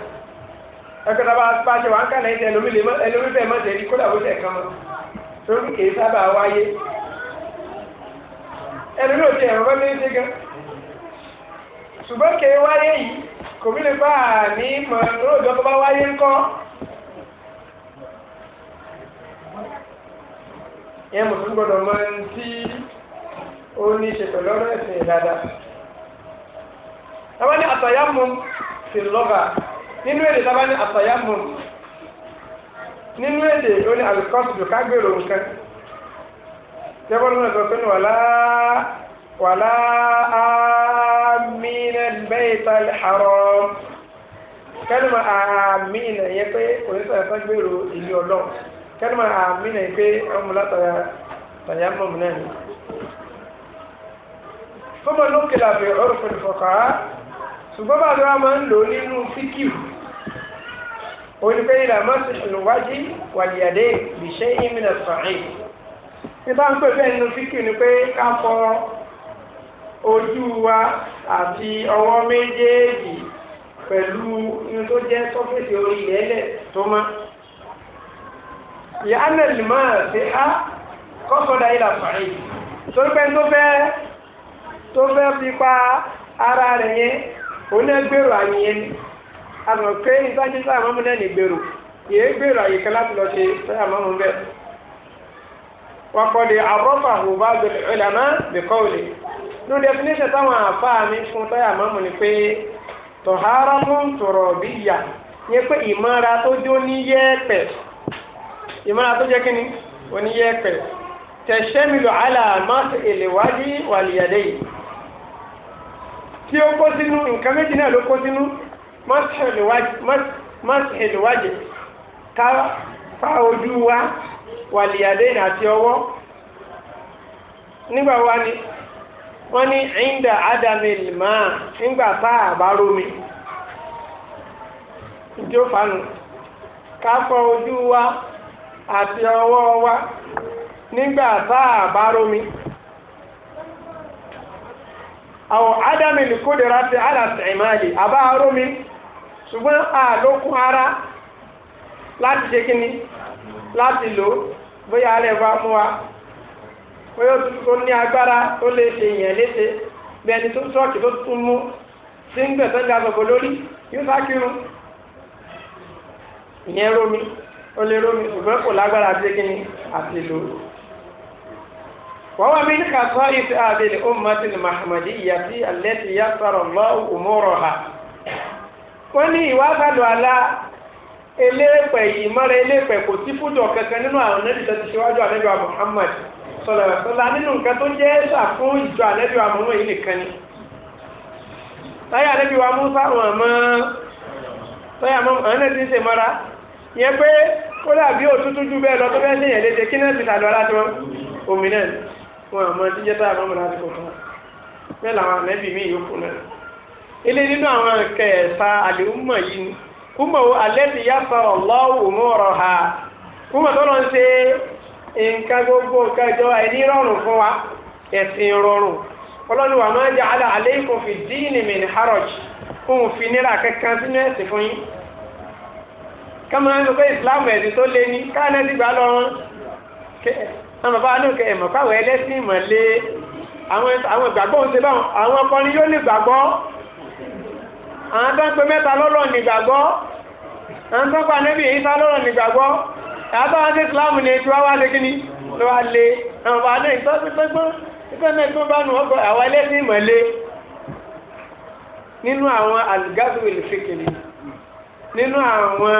ẹ̀kọ́ tá a bá ṣe wà ń kàlẹ̀ ẹ̀lómi bẹ́ẹ̀ mọ̀ tẹ̀lé kódà ó ṣe ẹ̀kan mọ̀ torí kìí sábà wáyé. ẹni ní òkè ẹ̀rọ bẹ́ẹ̀ ṣe gan. ṣùgbọ́n kì í wáyé yìí kò ní lè bá a ní mọ̀ lóòjọ́ tó bá wáyé ńkọ́. tí ó ní ṣe pẹ̀lú ẹ̀sìn dáadáa. ní lọ́gà nínú èdè ní nínú èdè ó ní ká jẹ́bọ́n náà sọ pé wàlá wàlá àmìnà bẹ́ẹ̀tà àrọ̀ kẹ́lùmọ̀ àmìnà yẹ pé oníṣẹ́ ẹ̀fọ́ gbèrò ìlú ọlọ́run kẹ́lùmọ̀ àmìnà yẹ pé ọmọ látara tàyà mọ̀mù náà ni. fọ́mọ lókè làbẹ̀ ọ̀rọ̀ fún ìfọ̀kà ṣùgbọ́n bá lọ́wọ́ máa ń lò nínú fíkìw onípe ìlànà sí ìlúwájú wàlíyàdé bìṣẹ́ ìmìnà sàáyé ìbá ń pè bẹ́ẹ̀ nínú fíkì ni pé ká fọ ojú wa àti ọwọ́ méjèèjì pẹ̀lú irun tó jẹ́ sọ́fẹ̀sì orí ilẹ̀ẹ́lẹ̀ tó má. ìyá anẹ́lì máa ṣe á kọ́sọ̀dá ìlà fàáyì torí pé tó fẹ́ tó fẹ́ fi pa ara rẹ̀ yẹn onígbèrò àyè yẹn àmọ̀ pé ìtajì sáà mọ́mú náà nìgbèrò yèé gbèrò àyè kan láti lọ ṣe sáà mọ́mú bẹ́ẹ̀ wakọ̀lẹ̀ àrọ́fàhù bá gbẹ̀lẹ̀ ọ̀làmá bẹ̀kọ́ọ̀lẹ̀ ní definition táwọn àfáà mi fún táyà mọ́mù ni pé tọ̀hárá tó ń tọ̀rọ̀ bí yà ní pé ìmọ́ra tó jó ní yẹ́ẹ̀pẹ̀ ìmọ́ra tó jẹ́ kíni oníyẹ́ẹ̀pẹ̀ tẹ̀sẹ́mìlò àlàmásì èlèwájú wàlìyàdẹ́ yìí tí ó kó sínú nǹkan méjì náà ló kó sínú mọ́sì èlèwájú ká fa ojú wa wàlìyàdéyìn àti ọwọ́ nígbà wa ni wọ́n ní ẹ̀yìndà ádámì lìmá nígbà tá a bá rómi ìdí ó fanu ká fọ ojú wa àti ọwọ́ wa nígbà tá a bá rómi àwọn ádámì lìkódèrè àti àlàtìmáàlì àbá rómi ṣùgbọ́n àlòkùn ara láti ṣe kíni láti lò bóyá alẹ́ bá mú wa bóyá ó ní agbára ó lè ṣe ìyẹn léṣe bí ẹni tó tọ́ọ̀kì tó tún mú tí ń gbẹ̀ tó ń ga gbogbo lórí yóò sá kírun ìyẹn rómi ó lè rómi ṣùgbọ́n kò lágbára àti kíni àti lò ó. wọ́n wá mí níka sọ ìfẹ́ àbẹ̀lẹ̀ ó mọ sí mahamadi ìyàtí alẹ́ ti yá sọ̀rọ̀ lọ́wọ́ òmùrọ̀ ha. wọ́n ní ìwà gbàdọ̀ eléèpẹ̀ yìí mọ́ra eléèpẹ̀ kò sí fújọ kankan nínú àwọn nẹ́bí tó ti ṣíwájú ànábì wa Muhammad sọlọ sọlá nínú nǹkan tó jẹ́ ẹ̀ṣà fún ìjọ ànábì wa Muhammad yìí nìkan ni. táyà ànábì wa Musa wọn mọ́ táyà mọ́ àwọn náà ti ń ṣe mọ́ra yẹn pé ó dàbí òtútù jù bẹ́ẹ̀ lọ tó bẹ́ẹ̀ ṣèyàn léṣe kí náà ti sàlọ́ láti wọn omi náà wọn àmọ́ jíjẹ́ táyà mọ́ mọ́ra ti kò tán bẹ́ẹ̀ làwọn ànábì míì yókù náà ilé umma wo alẹ́tì yasara Allahu umuraha ha tó lọ ń nǹkan gbogbo nǹkan ẹni rọrùn fún wa ẹ̀sìn rọrùn ọlọ́run wa máa ja'ala alaykum fi dini min haraj òun fi nira kankan sínú fún yín kama ẹ̀sìn tó lé ní káàná ti gbà lọ́rùn kẹ ẹ̀mọ̀ ẹlẹ́sìn àwọn òun àwọn yóò lè gbàgbọ́ àwọn tó ń pe mẹ́ta lọ́lọ́ nígbàgbọ́ àwọn tó ń pa nẹ́bí yìí sá lọ́lọ́ nígbàgbọ́ yàtọ̀ wọn sí Islam ní ètò wa lé kíní ló wá lé àwọn bàbá náà ìtọ́ sí pẹ́gbọ́n ìfẹ́ náà tó bá nù ọkọ̀ àwọn ẹlẹ́sìn ìmọ̀lé nínú àwọn alùgáfíwìlì fèkìlì nínú àwọn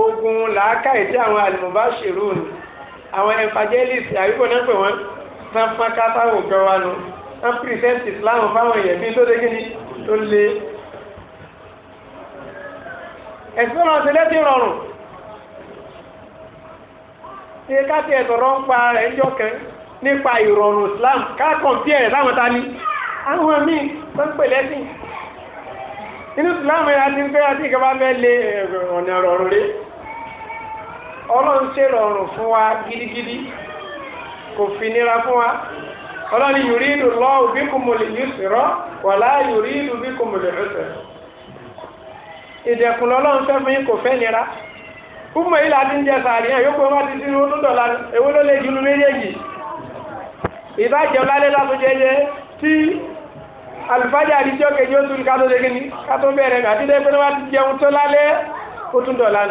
ogun làákàyè tí àwọn alùmọ̀báṣirun àwọn evangelist àyíkò náà pè wọ́n sanfọn kátáwò gan wa nù wọ́n pírísẹ́ǹtì Islam fáwọn èèyàn bí lóde kíní tó lé ẹ̀sìn náà ṣe rọrùn ṣe káti ẹ̀sọ̀rọ̀ ń pa rẹ̀ ńjọ nípa ìrọ̀rùn Islam káàkàn bí ẹ̀rẹ̀ láwọn ta ni àwọn míì tó ń pè lẹ́sìn inú Islam yẹn ti ń pẹ́ àti fẹ́ lé eh, ọ̀nà rọrùn rẹ̀ ọlọ́run ṣe rọrùn fún wa gidigidi kò fi nira fún yuridu yuridu ìdẹ̀kùn lọ́lọ́run fẹ́ fún yín kò fẹ́ nira fúnmọ̀ yìí láti ń jẹ sàríyàn yóò pé wọ́n ti sínú tó dọ̀la ewé ló lè jùlọ méjèèjì ìbájẹ́ lálẹ́ jẹjẹ tí alùfájà àti tíọ́ kejì ó tún ká tó bẹ̀rẹ̀ àti ti jẹun tó lálẹ́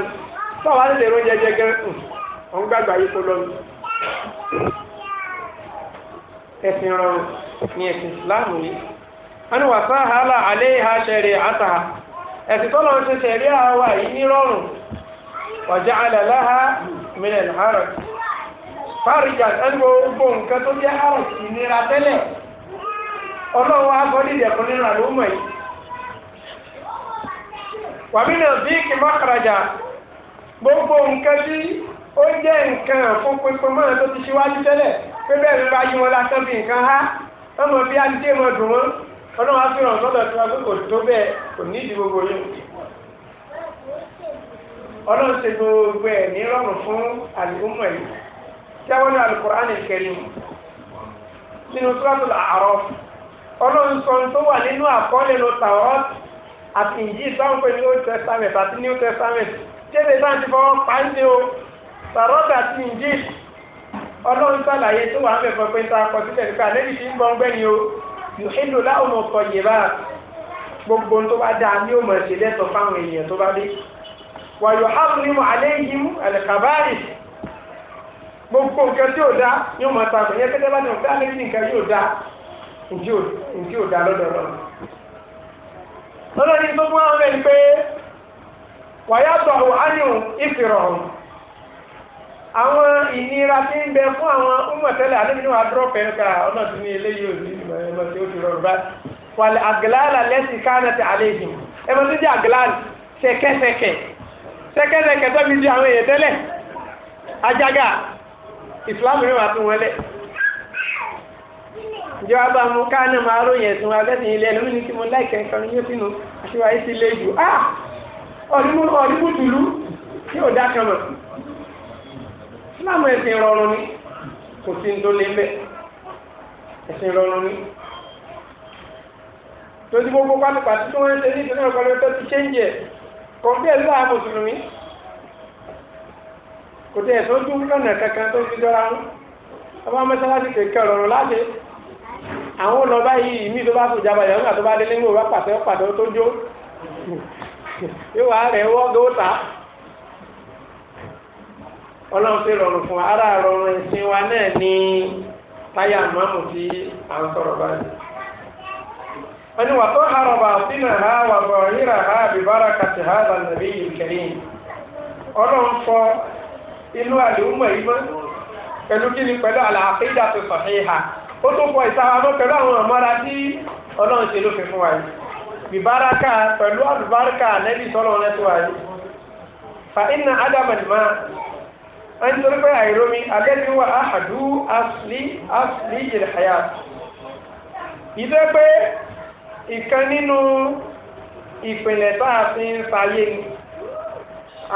ti jẹjẹ gẹ́ ọ̀hún gbàgbà yìí kó lọ mi. ẹ̀sìn rọrùn ni ẹ̀sìn ẹ̀sìn tó lọ́n ṣe tẹ̀lé àwa yìí nírọ̀rùn ọ̀já alàláha mílẹ̀ hàrùn fáríjà ẹni gbogbo nǹkan tó jẹ́ hàrùn ìnira tẹ́lẹ̀ ọlọ́wọ́ agbọ́dí ìdẹ̀kùn nínú àlùmọ̀ yìí wàmínà bíkì mákàràjà gbogbo nǹkan tí ó jẹ́ nǹkan fún pínpín mọ́ra tó ti ṣíwájú tẹ́lẹ̀ pé bẹ́ẹ̀ ló bá yí wọn lásán bí nǹkan ọlọ́run á fẹ́ràn sọ́dọ̀ tí wọ́n pé kò tó bẹ́ẹ̀ kò ní ìdí gbogbo yìí ọlọ́run ṣe gbogbo ẹ̀ ní rọrùn fún àlùmọ̀ yìí jáwọ́ ní Al-Qur'an Al-Karim nínú Suratul A'raf ọlọ́run sọ tó wà nínú àkọọ́lẹ̀ ló tàwọ́ àti ìyí ìtàn pé ní Old Testament àti New Testament jẹ́lẹ̀ bá ti fọwọ́ pàǹdé o sàrọ́dà ti ń jí ọlọ́run sàlàyé tó wà ń bẹ̀ fọ́ pé ń ta akọ sílẹ̀ nípa lẹ́yìn tí yòhílù láwọn ọ̀tọ̀ yìí bá gbogbo tó bá dáa ní òmò ẹ̀sìn lẹ́tọ̀ fáwọn èèyàn tó bá dé wà yòhálù ní mọ̀ alẹ́ yìí mú àlẹ́kàbáyì gbogbo nǹkan tí ò dá ní òmò ẹ̀sìn àgbẹ̀yẹ pé tẹ́lá ní òfin alẹ́ nǹkan yóò dá nǹkan yóò dá lọ́dọ̀ lọ́dọ̀ lọ́dọ̀ ní tó fún àwọn ẹ̀ àwọn ìnira tí ń bẹ fún àwọn ọmọọ̀tẹ́lẹ̀ àdébìnrin wa ká ọ̀nà tí ní ìmọ̀ tí ó ti rọrùn báyìí wàlẹ̀ àgìláàlà lẹ́sìn káàná ti àlejò ẹ̀mọ́ tó jẹ́ tó fi di àwọn èèyàn tẹ́lẹ̀ wà fún wọn lẹ̀ ìjọba bá mú káàná máa ròyìn ilé Islam ẹ̀sìn rọrùn ni kò sí ní tó lé mbẹ ẹ̀sìn rọrùn ni lórí gbogbo pátipàti tó ń ṣe ní ìpínlẹ̀ ọ̀pọ̀lọpọ̀ tó ti ṣe ń jẹ kọ̀m̀pẹ́ láà mùsùlùmí kò tẹ̀ ẹ̀sọ́ tó ń kànà kankan tó fi jọra wọn ọba mọ́sálásí kẹ̀kẹ́ ọ̀rọ̀ láti àwọn ọlọ́ba yìí mí tó bá fòjà balẹ̀ nígbà tó bá délé ní òwúrọ̀ pàtẹ́ pàtẹ́ tó jó yóò wá rẹ̀ wọ́ gòtà. ọlọ́run ṣe rọrùn fún ara rọrùn ẹ̀sìn wa náà ní táyà mọ́mù tí à ń sọ̀rọ̀ báyìí. wọ́n ní ha wà bọ̀ ríra ha àbíbára kàtì ha lànàbí ọlọ́run fọ inú àdéhùnmọ̀ yìí mọ́ pẹ̀lú kí ni pẹ̀lú àlàáfíà tó ha ó tó fọ ìsáwámọ́ pẹ̀lú àwọn àmọ́ra tí ọlọ́run ṣe ló fi fún wa yìí ẹni tó pẹ́ àìrómi akẹ́ni wà áhàdú asli asli ìlhàyà ìtẹ́ pé ìkan nínú ìpìlẹ̀ tá a fi ń sáyé ni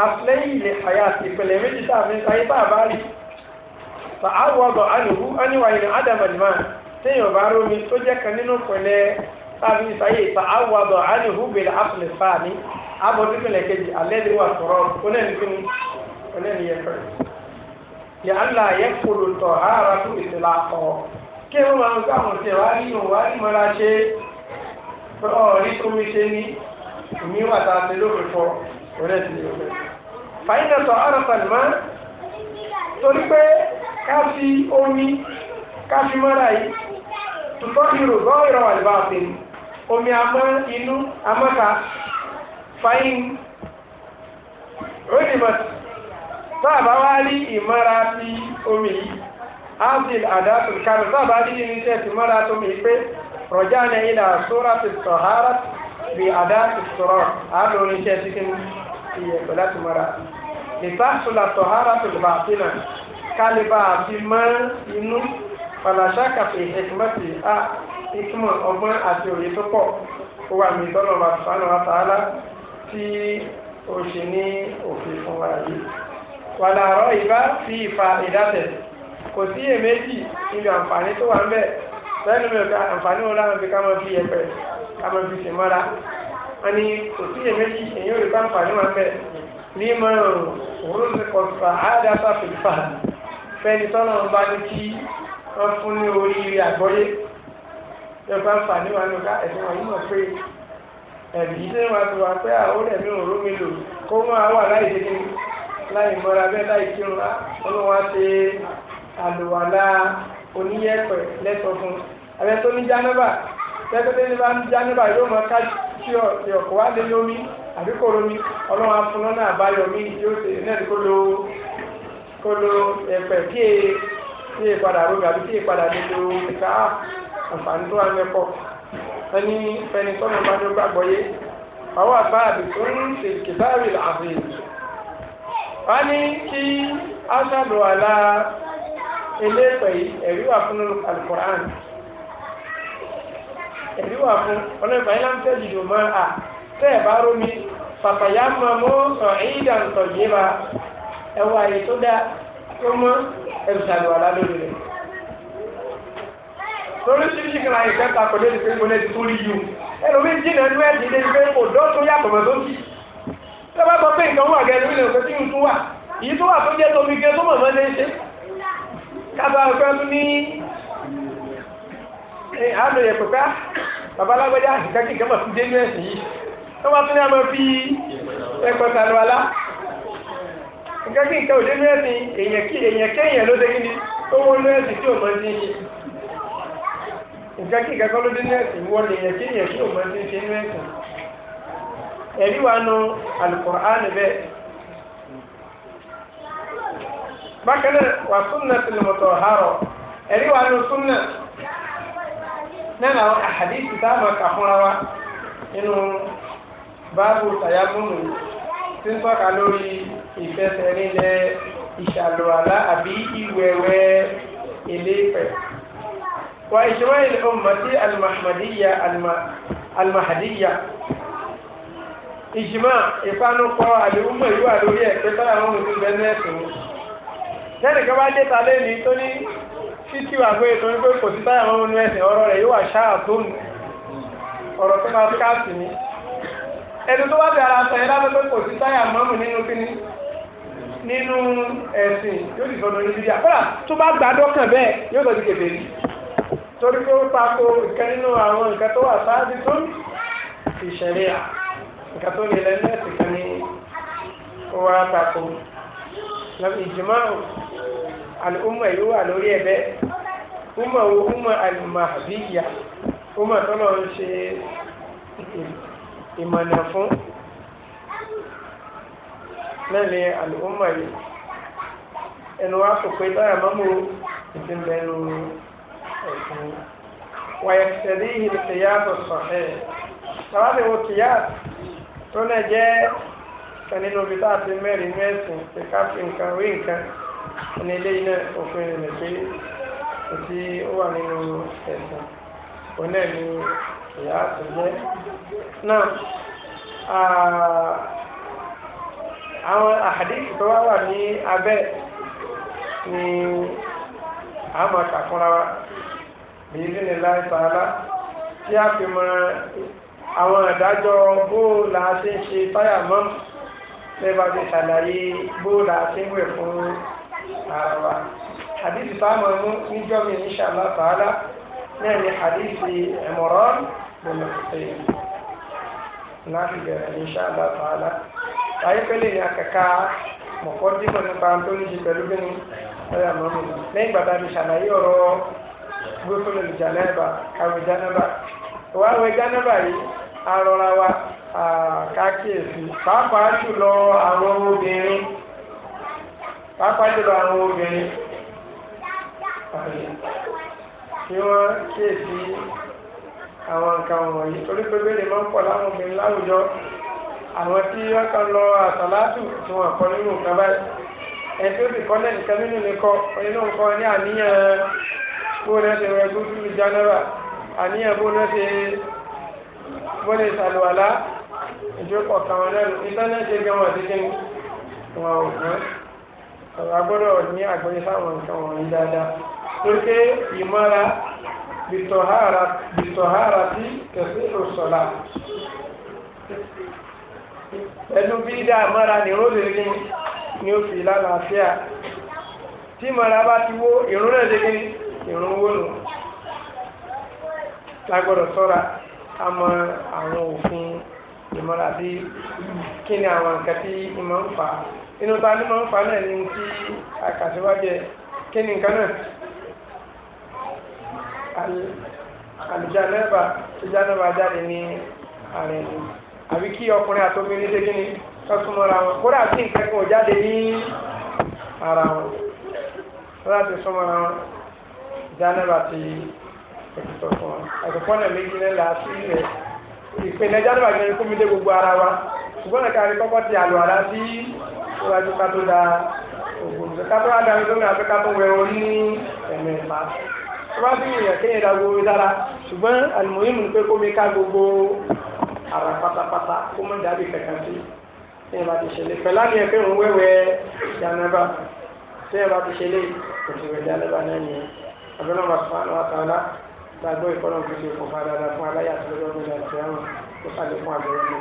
aslẹ́yìn ìlhàyà ìpìlẹ̀ méjì tá a fi ń sáyé bá a bá rí fa awọ́dọ̀ alùhù ánìwà ìrìn adamadima téèyàn bá rómi tó jẹ́ kan nínú ìpìlẹ̀ tá a fi ń sáyé fa awọ́dọ̀ ni wà sọ̀rọ̀ onẹ́nìkíni onẹ́nìyẹ̀fẹ́ yàrá yẹ kolo tọ̀ ara tó ètò la kọ́ kí wọ́n máa ń gbà wọ́n tẹ̀ wá nínú wá ní mọ́ra ṣe ọ̀rí tómi ṣe ní ìmí wà tá a ti lóore fọ ọ̀rẹ́ ti lóore. fàyínà tọ̀ ara sàlùmá torí pé ká omi ká fi mọ́ra yìí tutọ́ irò bọ́ ìrọ̀ wà lóba àti omi amọ́ inú amọ́ta fàyín rẹ́dìmọ̀tì sáàbá wá rí ìmọ́ra ti omi yìí azil adatu kanu sáàbá rí irinṣẹ́ ti mọ́ra ti omi pé rọjá ní ilà sóra ti sọ̀hárà bí adatu sọ̀rọ̀ àádọ́ irinṣẹ́ ti kí ni ìyẹ̀pẹ̀ láti mọ́ra ìtàṣùlà sọ̀hárà tó lè bá a sínà kálíbà àti mọ́ inú fàlàṣà kàfé ẹ̀kúmọ́tì a ìtumọ̀ ọgbọ́n àti òye tó pọ̀ ó wà ní ìtọ́nà bàtà sánà wàtàlá tí ó ṣe ní òfin fún wa yìí wàlà àrọ́ ìbá fi ìfà ìdásẹ̀ kò sí èméjì nínú àǹfààní tó wà ń bẹ̀ lẹ́nu mi ká àǹfààní wọn láwọn fi ká máa fi ẹ̀pẹ̀ ká máa fi sè mọ́ra wọn ni kò sí èméjì èyí ò lè bá àǹfààní wọn bẹ̀ ní mọ́rùn òun ti kọ̀ fà ádáfà fìfà fẹ́ni tọ́nà ń bá ní kí wọ́n fún ní oríire àgbọ́yé yóò bá àǹfààní wọn lọ ká ẹ̀sìn wọn yìí mọ̀ pé ẹ̀bí tí wọ́n ti wà pé àwọn ẹ̀mí òru mi lò kó máa wà láì láì mọ́ra bẹ́ẹ̀ láì kírun á ọlọ́run á ṣe àlùwàlá oníyẹ̀pẹ̀ lẹ́tọ̀ fún un àbẹ tó ní jánábà tẹ́tẹ́tẹ́ ní bá ń jánábà yóò máa ká sí ọ̀kọ̀ wá lé lómi àbí kò lómi ọlọ́run afúnná náà báyọ̀ mí yóò ṣe náà kó lo kó lo ẹ̀pẹ̀ kí e kí e padà ró gàbí kí e padà lè lo ìka àǹfààní tó wà lẹ́pọ̀ ẹni fẹni tọ́nà bá ló gbàgbọ́ yé àwọn àbá àbí tó ń ṣe kìtàrí àfihàn wọ́n ní kí aṣáàlù àlá eléèpẹ̀ yìí ẹ̀rí wà fún alukoran ẹ̀rí wà fún ọlọ́ọ̀bà yìí láǹtẹ̀ jùlọ mọ́ a tẹ́ ẹ̀ bá rómi pàpàyà máa mú sàn ìdá nǹkan yìí ma ẹ̀wọ̀ àyè tó dá tó mọ́ ẹ̀rùsàlù àlá lórí rẹ̀ torí ṣíṣí kan àyè kẹta kò lè ti pé kò lè ti tó rí yìí o ẹlòmíì jìnnà ẹnu ẹ̀ jìnnà pé kò dọ́ tó yàtọ̀ mọ́ tó kì tó bá sọ pé nǹkan wà gẹ́gẹ́ nílẹ̀ òfin tí ń tún wà èyí tó wà tó jẹ́ tóbi gẹ́ tó mọ̀ mọ́ lé ṣe kábà ọ̀fẹ́ tún ní àádọ́ yẹ pẹ̀pẹ́ babalágbẹ́dá ìkákì kan máa fi dé ní ẹ̀sìn yìí tó bá tún ní a máa fi ẹ̀pẹ̀ sànù alá ìkákì kan ò dé ní ẹ̀sìn èèyàn kéèyàn ló dé kíni tó wọ́n ní ẹ̀sìn tí ò mọ́ ní ìkákì kan ló dé ní ẹ̀sìn wọ́n lè yẹ kéèyàn tí ò mọ́ ní ẹ̀sìn ẹ̀rí wa nu alukur'an bẹ́ẹ̀. bákan náà wà súnà tìlùmọ̀tò ọ̀hárọ̀ ẹ̀rí wa nu súnà nínú àwọn àhàdìsì tá a máa kà fúnra wa nínú báàbù tàyámùnù tí ń tọ́ka lórí ìfẹsẹ̀rinlẹ̀ ìṣàlùwàlá àbí ìwẹ̀wẹ̀ eléfẹ̀. wà ìṣòwò ìlú ummati al-mahmadiyya al-mahadiyya. ìjìmá ìfanukọ àdéhùnmọ̀ ìlú àlórí ẹ̀ pé báyà ya mú bẹ́ẹ̀ náà lẹ́nu kí wọ́n bá dé ta tó ní títí wà pé tó ní pé kò sí wọn ọ̀rọ̀ rẹ̀ yóò wà ṣáà tó nù ọ̀rọ̀ tó máa ni. ẹni tó bá bẹ̀rẹ̀ àtàn yẹn lábẹ́ pé kò sí báyà mọ́mù nínú kíní nínú ẹ̀sìn yóò sì sọ̀rọ̀ níbi díà tó bá gbàdọ́ kàn bẹ́ẹ̀ yóò lọ sí torí pé ó ìkẹ́ nínú àwọn tó wà sáájú tó ìṣẹ̀lẹ̀ à. nǹkan tó lè lẹ́nu ẹ̀sìn kan ní wọ́n á tako lọ́pọ̀ ìjùmọ̀ àlùmọ̀ yìí wà lórí ẹ̀ bẹ́ẹ̀ umma wo umma alimahdiya umma tọ́lọ̀ ń ṣe ìmọ̀nà fún lẹ́lẹ̀ àlùmọ̀ yìí ẹnu wa kò pé lọ́yà mọ́mú ìdínbẹ̀nu ẹ̀sìn wàyẹ̀sẹ̀rí ìlú kìyàtọ̀ sọ̀hẹ́ tàbí wo kìyàtọ̀ tó náà jẹ́ kan nínú ibi tá a ti mẹ́rin mẹ́sìn pé ká fi nǹkan rí nǹkan ní ilé iná òfin rẹ̀ pé ètí ó wà nínú ẹ̀sìn òun náà ni ìyá àtúnjẹ́ náà àwọn àhàdíìsì tó wá wà ní abẹ́ ni àmọ̀ kàkúnra wa bí ìdílé láì sàálà tí a fi mọ àwọn ìdájọ́ bóòlà ṣe ń ṣe táyà mọ́ lẹ́bà ti ṣàlàyé bóòlà ṣe ń wẹ̀ fún ara wa hadith sáàmù mú níjọ́ mi ní ṣàlá tààlà náà ni hadith ẹ̀mọ̀rán lọ́nà ṣẹ̀yìn láti bẹ̀rẹ̀ ní ṣàlá tààlà ayépẹ́lẹ́ ni àkàkà mọ̀kọ́dínà nípa tó ní ṣe pẹ̀lú bínú táyà mọ́ mi lẹ́yìn gbàdá ti ṣàlàyé ọ̀rọ̀ gbófin olùjànàbà kàwé jànàbà wàá wẹ jànàbà yìí arọra wa kákíyèsí pàápàá jùlọ àwọn obìnrin pàápàá jùlọ àwọn obìnrin kí wọ́n kíyèsí àwọn nǹkan wọ̀nyí torí pé bẹ́ẹ̀ lè máa ń pọ̀ láwọn obìnrin láwùjọ àwọn tí wọ́n kàn lọ àsàlátù tí wọ́n kọ́ nínú nǹkan báyìí ẹni tó sì kọ́ lẹ́nu kan nínú nìkọ́ nínú nǹkan ní àníyàn bó náà ṣe rẹ gbójú ìjánára àníyàn bó náà ṣe wọ́n lè ṣàlùwàlá ìjókòó kan lẹ́nu ìtọ́nẹ́tì gan wọ́n ti dín wọn ò kán ọ̀rọ̀ agbọ́dọ̀ ní àgbọ́yé sáwọn nǹkan wọ̀nyí dáadáa torí pé ìmọ́ra bìtọ̀hárà tí kẹsí òṣọ̀lá pẹ̀lú bí dáa mọ́ra ní rólèrè ni ó fi lálàáfíà tí mọ́ra bá ti wó ìrún náà dégé ìrún wó nù lágbọ́dọ̀ sọ́ra ká mọ àwọn òfin ìmọ̀ra bí kí ni àwọn nǹkan tí ìmọ̀ ń fà á inú ta ni máa ń fà á náà ní ti àkàṣewájẹ kí ni nǹkan náà àlùjánẹ́bà àlùjánẹ́bà jáde ní ààrẹ ni àbí kí ọkùnrin àtòmínú ṣe kí ni kọ́sùmọ́ra wọn kódà sí nǹkan kan ò jáde ní ara wọn láti súnmọ́ra wọn ìjánẹ́bà ti àkọ́kọ́ náà méjì náà là á sí ilẹ̀ ìpínlẹ̀ jádùbà ní kó mi dé gbogbo ara wa ṣùgbọ́n nìkan rí kọ́kọ́ ti àlọ́ àlá sí iwájú ká tó da ògùn ká tó adarí lómi àti ká tó wẹ orí ní ẹ̀mẹ̀ẹ̀fà tó bá sì yàn kéèyàn da gbogbo dára ṣùgbọ́n àlùmọ́yìnmù pé kó mi ká gbogbo ara pátápátá kó mọ̀ dábì kankan sí tí ẹ bá ti ṣẹlẹ̀ pẹ̀lú àmì ẹ̀fẹ́ òun wẹ́wẹ́ ìdánábà tí ẹ bá ti ṣẹlẹ̀ òṣèlú ìdánábà náà nìyẹn àbẹ́lẹ́ gbàgbọ́ ìkọ́nà fi ṣe kọ̀ọ̀kan dáadáa fún aláyà tó lọ́wọ́ mi láti àwọn tó sàlẹ̀ fún àgbẹ̀rẹ̀ mi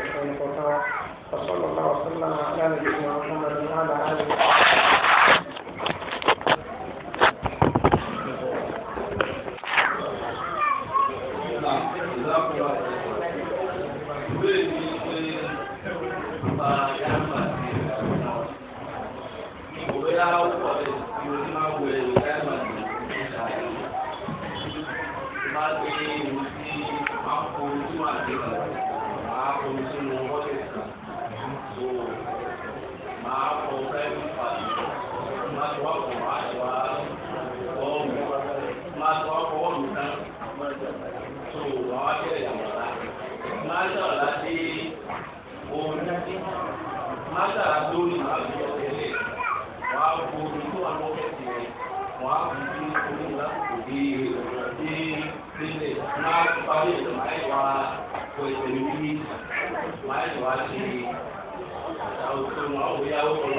ẹ̀sán ìkọ̀ọ̀kan wa ọ̀sọ́nà náà ọ̀sọ́nà láàrin ìgbìmọ̀ ọ̀sán mọ̀lẹ́ náà láàrin. Yeah, I'll mà chỉ là ba bốn ìyàwó kan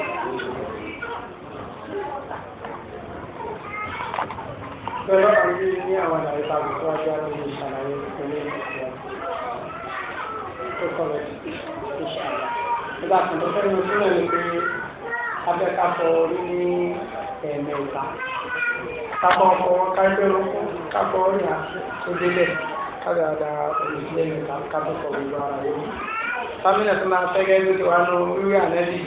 lọ́wọ́ kan bí ní àwọn àlàyé ta kò tó ajá ní ìṣàlàyé ìpínlẹ̀ ìṣẹ́ tó kọ̀rọ̀ ìṣàlà. nígbà tó lọ́fẹ́ ní ojú náà ni pé abẹ́kafọ́ orí ní ẹ̀ẹ̀mẹ́ta kápọ̀ ọkọ̀ kárípẹ́ lókun kápọ̀ orí àtúndélẹ̀ kádàdà olùdílé mẹ́ta kápọ̀ ọ̀gbọ̀n ara yẹn. sámínà tó máa fẹ́ gẹ́gẹ́ bí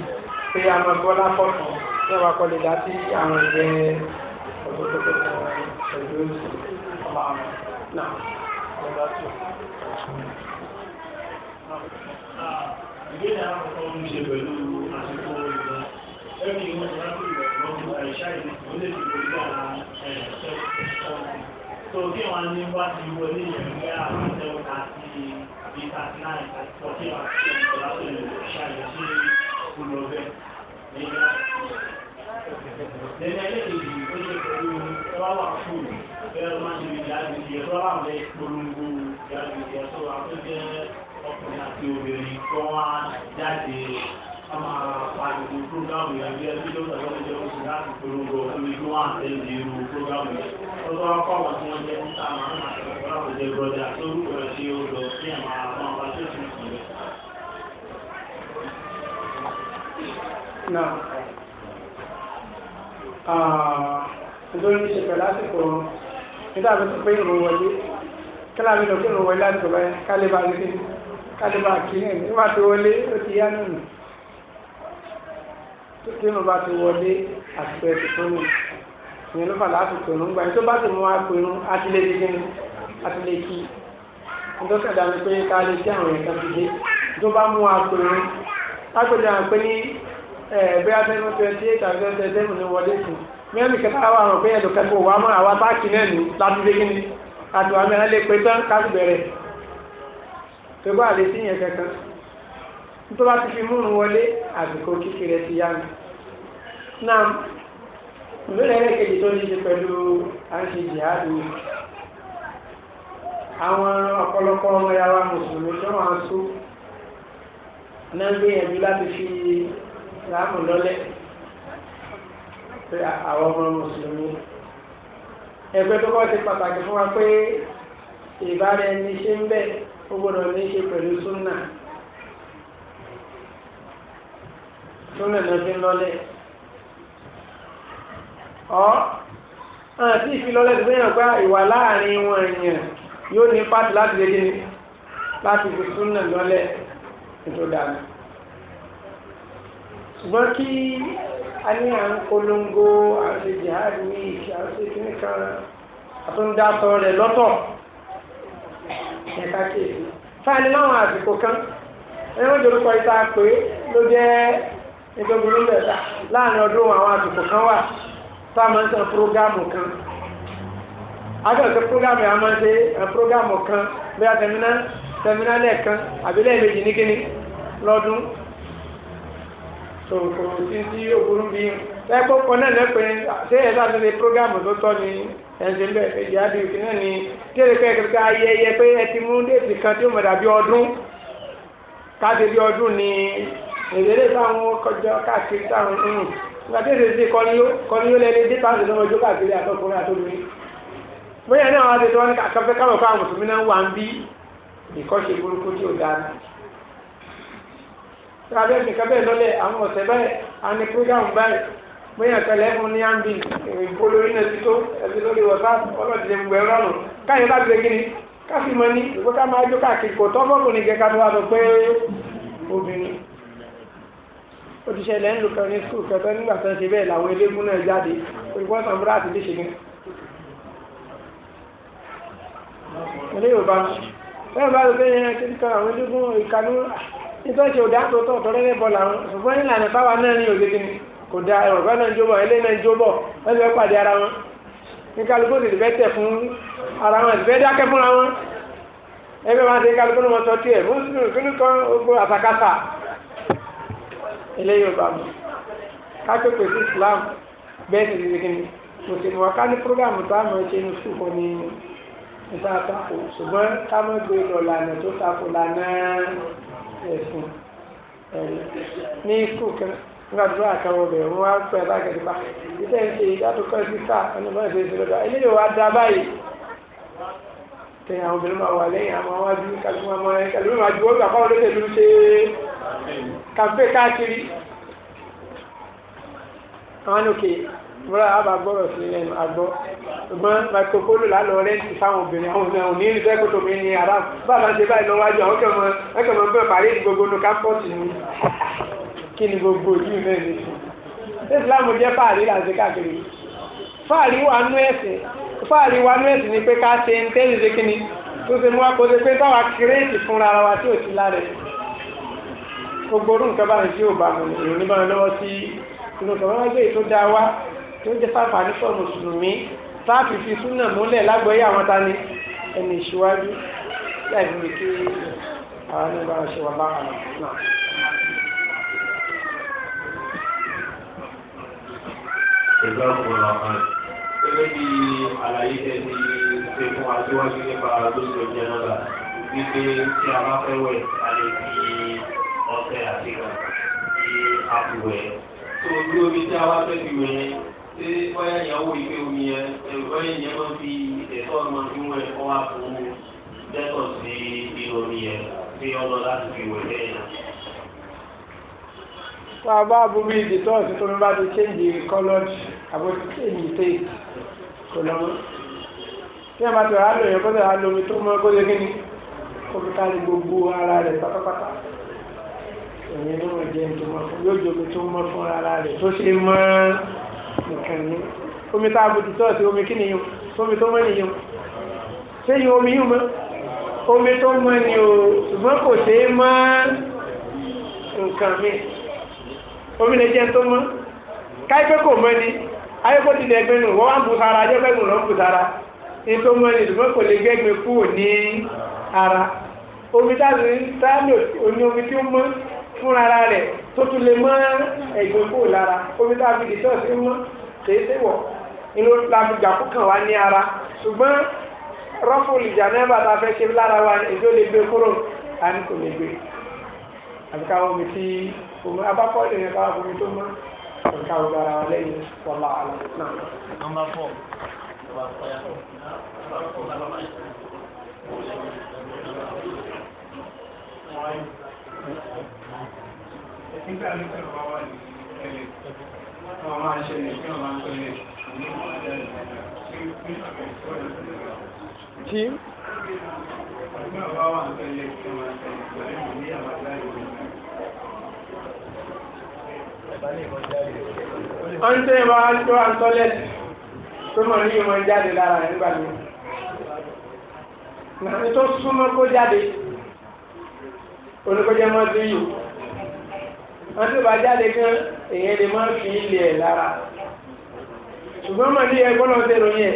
pé a máa bọ́lá fọ̀tàn ní àwọn akọ́lé dá sí àwọn ẹgbẹ́ ọdún tó tó kọ ẹ̀dọ́ òsì ọmọ àwọn náà lọ́dọ̀ tó. ìgbésẹ̀ àwọn ọkọ̀ ń ṣe pẹ̀lú àsìkò ìgbà ẹ̀mí wọn ti rákò ìgbà ìgbọ́n fún àìṣá ìlú ó lè fi pẹ̀lú àwọn ẹ̀ṣẹ́ ọ̀sìn. tó kí wọn ní wá ti wọlé yẹn ní àwọn ẹ̀ṣẹ́ àti bíi thirty nine thirty four kí ti ṣe ìgbà láti lè ṣàyẹ̀ṣe olùọ̀bẹ lẹ́yìn ẹlẹ́kejì ó ṣe pẹ̀lú ẹwàwà fún ẹ̀rọ máa ṣe ìdájúdì ẹ̀rọ àwọn ẹ̀ polongo ìdájúdì ẹ̀sọ́ àtúnjẹ́ ọkùnrin àti obìnrin tó wá jáde ama pariwo programu yẹn bí ẹbí ló tẹ̀lé ọdún jẹ́ oṣù láti polongo omi tó wà tẹ̀lé irú programu yẹn tó tọ́ ọkọ̀ wọn tí wọ́n jẹ́ níta máa ń máa tẹ̀lé ọ̀rọ̀ àwùjẹ gbọ́dọ̀ àti orúkọ ẹ̀ ṣe ó lọ sí ẹ̀ máa fọ́n náà nítorí ní ṣe pẹ̀lú àsìkò nígbà tó ti pé ìrò wọlé kílà mi lọ kí ìrò wọlé àti bẹ́ẹ̀ kálíbà lókè kálíbà kí ẹ̀ nígbà tó wọlé ó ti yá nínú kí ìrò bá ti wọlé àti bẹ́ẹ̀ ti tó nù ìyẹn ló fà lásìkò ìrún gbà yín tó bá ti mú apò ìrún àti lè di gẹ́gẹ́ àti lè kí nítorí kàdá mi pé Eh, bí atẹ́gùn twenty eight àti twenty seven ní wọlé sí mẹ́rin kẹta wà rọ̀ pé ẹ̀dùnkẹ́kọ̀ọ́ wà máa wá táàkì náà ní ládùúgbé kí ni àti wàmí alẹ́ pé tán káàkì bẹ̀rẹ̀ tó bá lè sí yẹn kankan tó bá ti fi múrun wọlé àsìkò kékeré ti yá mi. náà ìbéèrè ẹlẹ́kejì tó ní ṣe pẹ̀lú àṣì jihadu àwọn ọ̀pọ̀lọpọ̀ ọmọ yàrá mùsùlùmí tó wà ń sún náà gbìyànjú láti fi ìsìlámù lọ́lẹ̀ pé àwọn ọmọ mùsùlùmí ẹgbẹ́ tó kọ́ ti pàtàkì fún wa pé ìbára ẹni ṣe ń bẹ̀ ó gbọ́dọ̀ ní ṣe pẹ̀lú súnà súnà ló fi ń lọ́lẹ̀ ọ́ àti ìfilọ́lẹ̀ tó fẹ́yàn gba ìwà láàrin wọn èèyàn yóò ní pàtì láti lè dín láti fi súnà lọ́lẹ̀ ètò dáadáa ṣùgbọ́n kí a ní à ń polongo à ń ṣe jihad week à ń ṣe kíní kan àtúndàtọ̀ rẹ̀ lọ́tọ̀ ẹ̀ka kéèké fáàní láwọn àsìkò kan ẹni wọ́n jòlúkọ ìta pé ló jẹ́ ìgbẹ́gbẹ́rú mẹ́ta láàrin ọdún àwọn àsìkò kan wà tá a máa ń sọ prógámù kan agbẹ̀sẹ̀ prógámù yà máa ń ṣe prógámù kan bí a sẹ́mínà sẹ́mínà lẹ́ẹ̀kan àbí lẹ́ẹ̀mejì ní kíní lọ́dún so kò sí sí òbúrú bí lẹ́kọ̀ọ́ kan náà lẹ́pẹ́ ṣé ẹ sáà tẹ̀lé programu tó tọ́ ni ẹ̀sìn bẹ́ẹ̀ èjì àdìsí náà ni kéde kẹ́kẹ́kẹ́ ayẹyẹ pé ẹ ti mú déètì kan tí ó mọ̀ dàbí ọdún káde bí ọdún ni èdèrè táwọn kọjọ káàkiri táwọn ń nígbà tí èdè sí kọ́niyó lẹ́ni dé táwọn ìdánwò ọjọ́ káàkiri àtọkùnrin àtọkùnrin bóyá náà wọ́n á ti tọ́ ní kàkọ́fẹ́ káwọn fáwọn mùsùlùmí náà wà ń bí ìkọ́ṣe burúkú tí ò dáa tàbí ẹnìkan bẹ́ẹ̀ lọ́lẹ̀ àwọn ọ̀sẹ̀ báyìí àni program báyìí bóyá kẹlẹ́ fún ní ambi ìpolówó náà ti tó ẹbí lórí whatsapp ọlọ́dìdẹ gbogbo ẹ̀rọ ọ̀nà káyọ̀ bá gbé gíní káfí mọ ní ìgbó ká máa jó káàkiri kò tọ́ fọ́kùnrin kẹka tó wà lọ pé obìnrin òṣìṣẹ́ lẹ́nu kan ní skul kẹtọ́ nígbà tó ń ṣe bẹ́ẹ̀ làwọn eléégún náà jáde olùkọ́ sàmúrà àti léṣe ní. ilé yorùbá bẹ́ẹ̀ bá lọ bẹ́ẹ̀ yẹn kí n kan àwọn eléégún ìkanú nítorí ṣe òdà tó tọ̀ tọ́lẹ́ lẹ́bọ̀ làwọn ṣùgbọ́n nílànà báwa náà ní òde kìíní kò da ọ̀gá náà ń jóbọ̀ ẹlẹ́ náà ń jóbọ̀ wọ́n ti fẹ́ pàdé ara wọn ní kálukú sì fẹ́ tẹ̀ fún ara wọn sì fẹ́ dákẹ́ fúnra wọn ẹgbẹ́ wọn ti kálukú náà wọn tọ́ tiẹ̀ mùsùlùmí kínní kan gbogbo àtàkàtà eléyìí ò bá mu kápẹ́pẹ́ sí Islam bẹ́ẹ̀ sì ti kìíní mùsùlùmí wọn ká ní prógámù tó àmọ́ ṣe ní sùkọ́ ní ìta àtàkù ṣùgbọ́n ká mọ́ gbé lọ lànà tó takò lànà ẹ̀sìn ẹ̀rí ní skul kan gbàdúrà àtàwọn ọbẹ̀ wọn wá pẹ́ alágẹ̀dẹ̀bá iṣẹ́ ń ṣe ìdádùkọ́ sí sáà ẹni bá ṣe ìṣẹ̀lẹ̀ dọ̀ eléyìí wá dá báyìí tẹ̀yìn àwọn obìnrin máa wà lẹ́yìn àwọn awájú kálukú máa máa kálukú máa ju ọgbà fáwọn olóṣèlú ṣe kàmpé káàkiri àwọn òkè tóra àbá gbọ́rọ̀ sí ẹnu àgbọ́ ṣùgbọ́n maikrofóònù lálọ́ rẹ́ǹtì fáwọn obìnrin àwọn ọ̀nà òní ìrìnsẹ́ kótó mi ní aram bàbá ṣe báyìí lọ́wọ́ àjọ àwọn kẹmọ ẹkẹmọ bẹ́ẹ̀ parí gbogbo ní kápọ́ọ̀tì mi kí ni gbogbo ojú náà ní sí. ìsìláàmù jẹ́ fáàrí làǹṣẹ́ káàkiri fáàrí wà nú ẹ̀sìn fáàrí wà nú ẹ̀sìn ni pé ká ṣe ń tẹ́lẹ̀ ṣe kíni tó ṣe mú akọ́ṣe pé táwa kírèètì fúnra ara wa tí ò sí lára ẹ̀ gbogbo orú nǹkan báyìí tí ò bá mu ní ìròyìn bá lọ́wọ́ sí inú kọ̀ọ̀kan wọ́n gbé ètò dá wa tó jẹ́ fáfàní fún mùsùlùmí táàfì fi súnà múlẹ̀ lágbọ́yé àwọn tani ẹni ìṣíwájú láì fi kí àwọn nígbà ṣe wà bá àwọn náà. ìgbà òkúra kan gẹ́gẹ́ bí àlàyé tẹ̀ ti ṣe fún wa síwájú nípa lóṣù ọjọ́ náà wípé tí a bá fẹ́ wẹ̀ a lè fi ọṣẹ àti ìgbà tí a fi wẹ̀. tó o dúró bí tí a bá fẹ́ fi wẹ̀ ṣé bóyá ìyàwó ìwé omi yẹn bóyá ìyẹn máa fi ẹ̀tọ́ máa fi wọ́n ẹ̀kọ́ wá fún dẹ́tọ̀ sí ìlú omi yẹn pé ọlọ láti fi wẹ̀ bẹ́ẹ̀ yẹn. tá a bá bomi ìdìtọ́ ọ̀sìn tó ń bá ti ṣéǹjì kọ́lọ́ọ̀dì àbò ti ṣéǹjì téèkì kò lọ́mọ́ tí a bá ti wàá lòyìn kọ́tà á lomi tó mọ́ kóso kí ni kó fi ká lè gbogbo ara rẹ̀ pátápátá nìkan ní omi tá a bójú sọ́ọ̀sì omi kí nìyẹn omi tó mọ́ nìyẹn sẹ́yìn omi yìí mọ́ omi tó mọ́ o ṣùgbọ́n kò ṣe é mọ́ nǹkan mi omi lè jẹ́ tó mọ́ káyipẹ́ kò mọ́ ni ayọ́kọ́ ti dẹ̀gbẹ́ nù wọ́n wá ń bu sára ayọ́kọ́ ìgbọ̀n lọ́ ń bu sára ní tó mọ́ ni ṣùgbọ́n kò lè gbẹ́gbẹ́ kúrò ní ara omi táàlù táàlù oní omi tí ó mọ́ fúnra rẹ̀ tó tún lè mọ́ ẹ̀gbẹ́ kúrò lára omi táàlù dìtọ́ọ̀sì mọ́ kìí ṣe wọ̀ inú láti gàkú kàn wá ní ara ṣùgbọ́n rọ́fù ìjà náà bàtà fẹ́ ṣe lára wa èdè ó lè gbé kúrò a ní kò lè gbé àti káwọn omi tí omi abákọ́ yẹn káwọn omi tó mọ́ àti káwọn omi ara wa lẹ́yìn wọlá àlọ́ náà. nọ́mbà fọ wà á kọyà tó. Thank you wọn máa ṣe ní kí wọn máa tó lè ní ọjà ìgbàlá tí ní ọjà ìgbàlá tó lè wà. kí. ọdún ọba wà ń wọ́n tẹ́ ẹ máa tó à ń tọ́lẹ̀ tó mọ̀ ní ìmọ̀ jáde lára nígbà mi. Nàbí tó súnmọ́ kó jáde, oníkójẹ́ mọ́ sí yìí. Wọ́n tẹ́ bá jáde gan-an èyàn lè má fi ilẹ̀ ẹ̀ lára ṣùgbọ́n màdí ẹ gbọ́dọ̀ ṣe ròyìn ẹ̀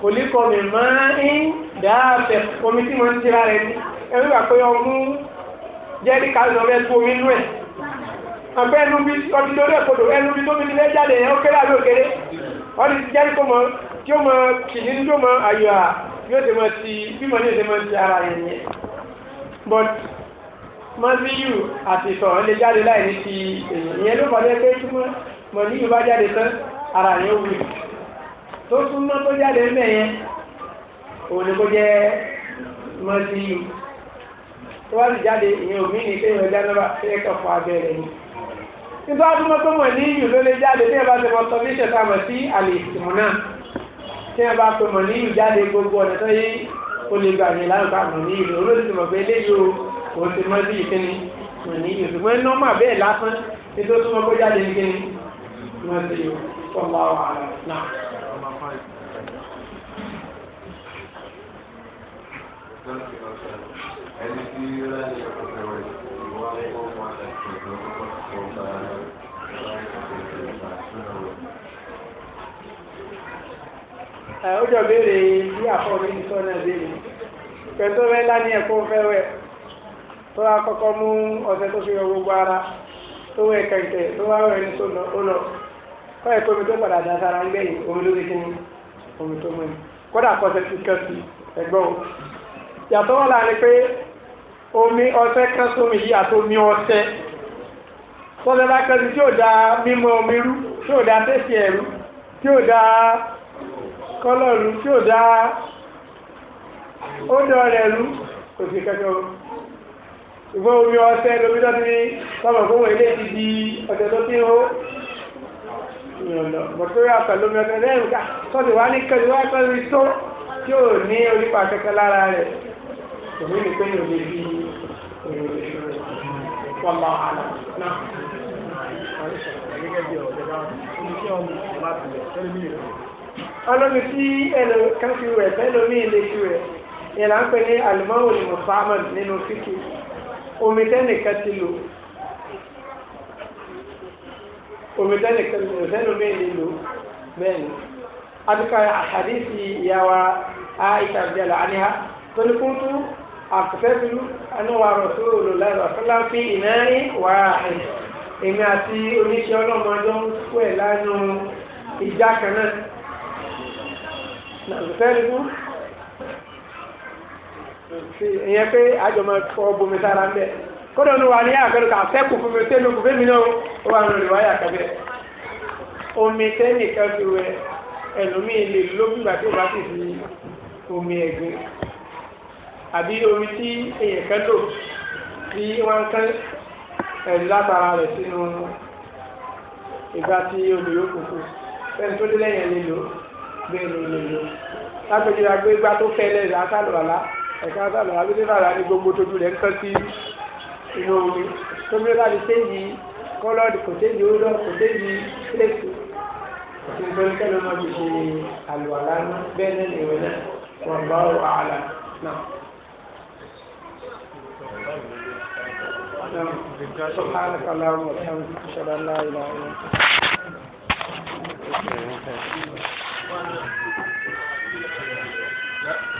kò ní kọ́ mi máa ń dáàbẹ̀ omi tí mo ń tira rẹ̀ ní ẹ̀rú ìgbà pé ọmú jẹ́rí ká lọ rẹ̀ tó omi nú ẹ̀ àpẹ́ ẹnu bí ọdún lórí ẹ̀kọ́dọ̀ ẹnu bí tóbi nílẹ̀ jáde ẹ̀ ó àbí òkèrè ọdún ti jẹ́rí kó mọ tí ó mọ kì ní tó mọ ayọ̀ à yóò ti mọ ti bí mo ní ìdí mọ ti ara yẹn yẹn but mọ́líyù àti ìsọ̀rọ̀ lè jáde láì ní ti èèyàn ìyẹn ló fọdé pé tí mọ́líyù bá jáde tán ara yẹn wù tó súnmọ́ tó jáde ń bẹ̀ yẹn òun ni kó jẹ́ mọ́líyù tó wá sì jáde ìyẹn òmí ní pé ìwọ̀n jáde náà fẹ́ kàn fún abẹ́rẹ́ ni nítorí wọ́n túnmọ́ tó mọ̀líyù ló lè jáde tí wọ́n bá ti mọ sọ bí ìṣẹ̀ta mọ̀ sí àlè ìsìnkú náà tí wọ́n bá pe mọ̀líyù jáde gbogbo ọ̀nà òun ti mọ́ sí ìkíni wọn ní yìí ṣùgbọ́n nọ́mà bẹ́ẹ̀ lásán ní tó túnmọ̀ kó jáde ní kíni wọ́n ti yọ ọ̀la wàhálà náà. ẹni tí ó láyé ọ̀pọ̀ rẹ̀ ẹ ó béèrè bí àfọwọ́ mi sọ náà béèrè pẹ̀tọ́ rẹ̀ lá ní ẹ̀kọ́ fẹ́ wẹ̀. tó wá kọ́kọ́ mú ọṣẹ tó fi yọ gbogbo ara tó wẹ̀ kẹ̀kẹ́ tó wá wẹ̀ ní tó lọ kọ́ ẹ̀ tómi tó padà dá sára ń omi ni omi tó mú o yàtọ̀ wọn omi kan sómi yìí àti omi bá tí ò da mímọ omi rú tí ò da ṣùgbọ́n omi ọṣẹ lómi tó ti ní sọ́mọ̀ fún wọn ilé ti di ọ̀sẹ̀ tó ti ń hó mọ̀tòrí àpẹlómi ọṣẹ lẹ́yìn ká sọ́ọ̀tì wá ní kẹ́lí wá pẹ́lú tó tí ò ní onípa kẹ́kẹ́ lára rẹ̀ ọlọ́mi tí ẹnu kan fi rẹ̀ fẹ́ lómi ilé fi rẹ̀ yẹn là ń pè ní alimọ́wò ni nínú fíkì omi tẹ́nìkan ti lò omi tẹ́nìkan ti lò sẹ́nu mi ni lò bẹ́ẹ̀ ni adúgbò àhàdìsí ìyàwó Aisha abdiyala aniha tó ní kúntù àkùfẹ́bìlú aníwà rọ̀sọ́rọ̀ láìpẹ́ fúnlá fi ìnáyí wà áhìn èmi àti oníṣẹ́ ọlọ́mọ ọjọ́ ń pẹ̀ lánàá ìjà kan náà ìyẹn pé àjọ máa fọ bomi sára ń bẹ kódà ní wa ní àgbẹ̀rù kà sẹ́kù fún mi sẹ́nu kù fẹ́mi náà ó wà nínú ìwáyà kẹfẹ́ omi sẹ́nìkan fi wẹ ẹlòmíì lè lóbi gbà tó bá sì fi omi ẹ̀gbin àbí omi tí èèyàn kan lò tí wọ́n kán ẹ̀rù látara rẹ̀ sínú ìgbà tí omi yóò kúkú fẹ́ni tó dé lẹ́yìn ẹ̀ lè lò bẹ́ẹ̀ ló lè lò lápẹjọ́ àgbégbá tó fẹ́ lẹ́yìn àkàlù àlá ẹ̀ka sábà abídélàlà ní gbogbo tójú rẹ̀ ń tọ́ sí inú omi tómi láti séjì kọ́lọ́ọ̀dì kò séjì ódọ́ kò séjì plẹ̀tì nítorí kẹ́lẹ́ máa fi ṣe àlùwàlá náà bẹ́ẹ̀ náà ní ìwé náà wọ́n bá wà á là náà. سبحانك اللهم وبحمدك اشهد ان لا اله الا انت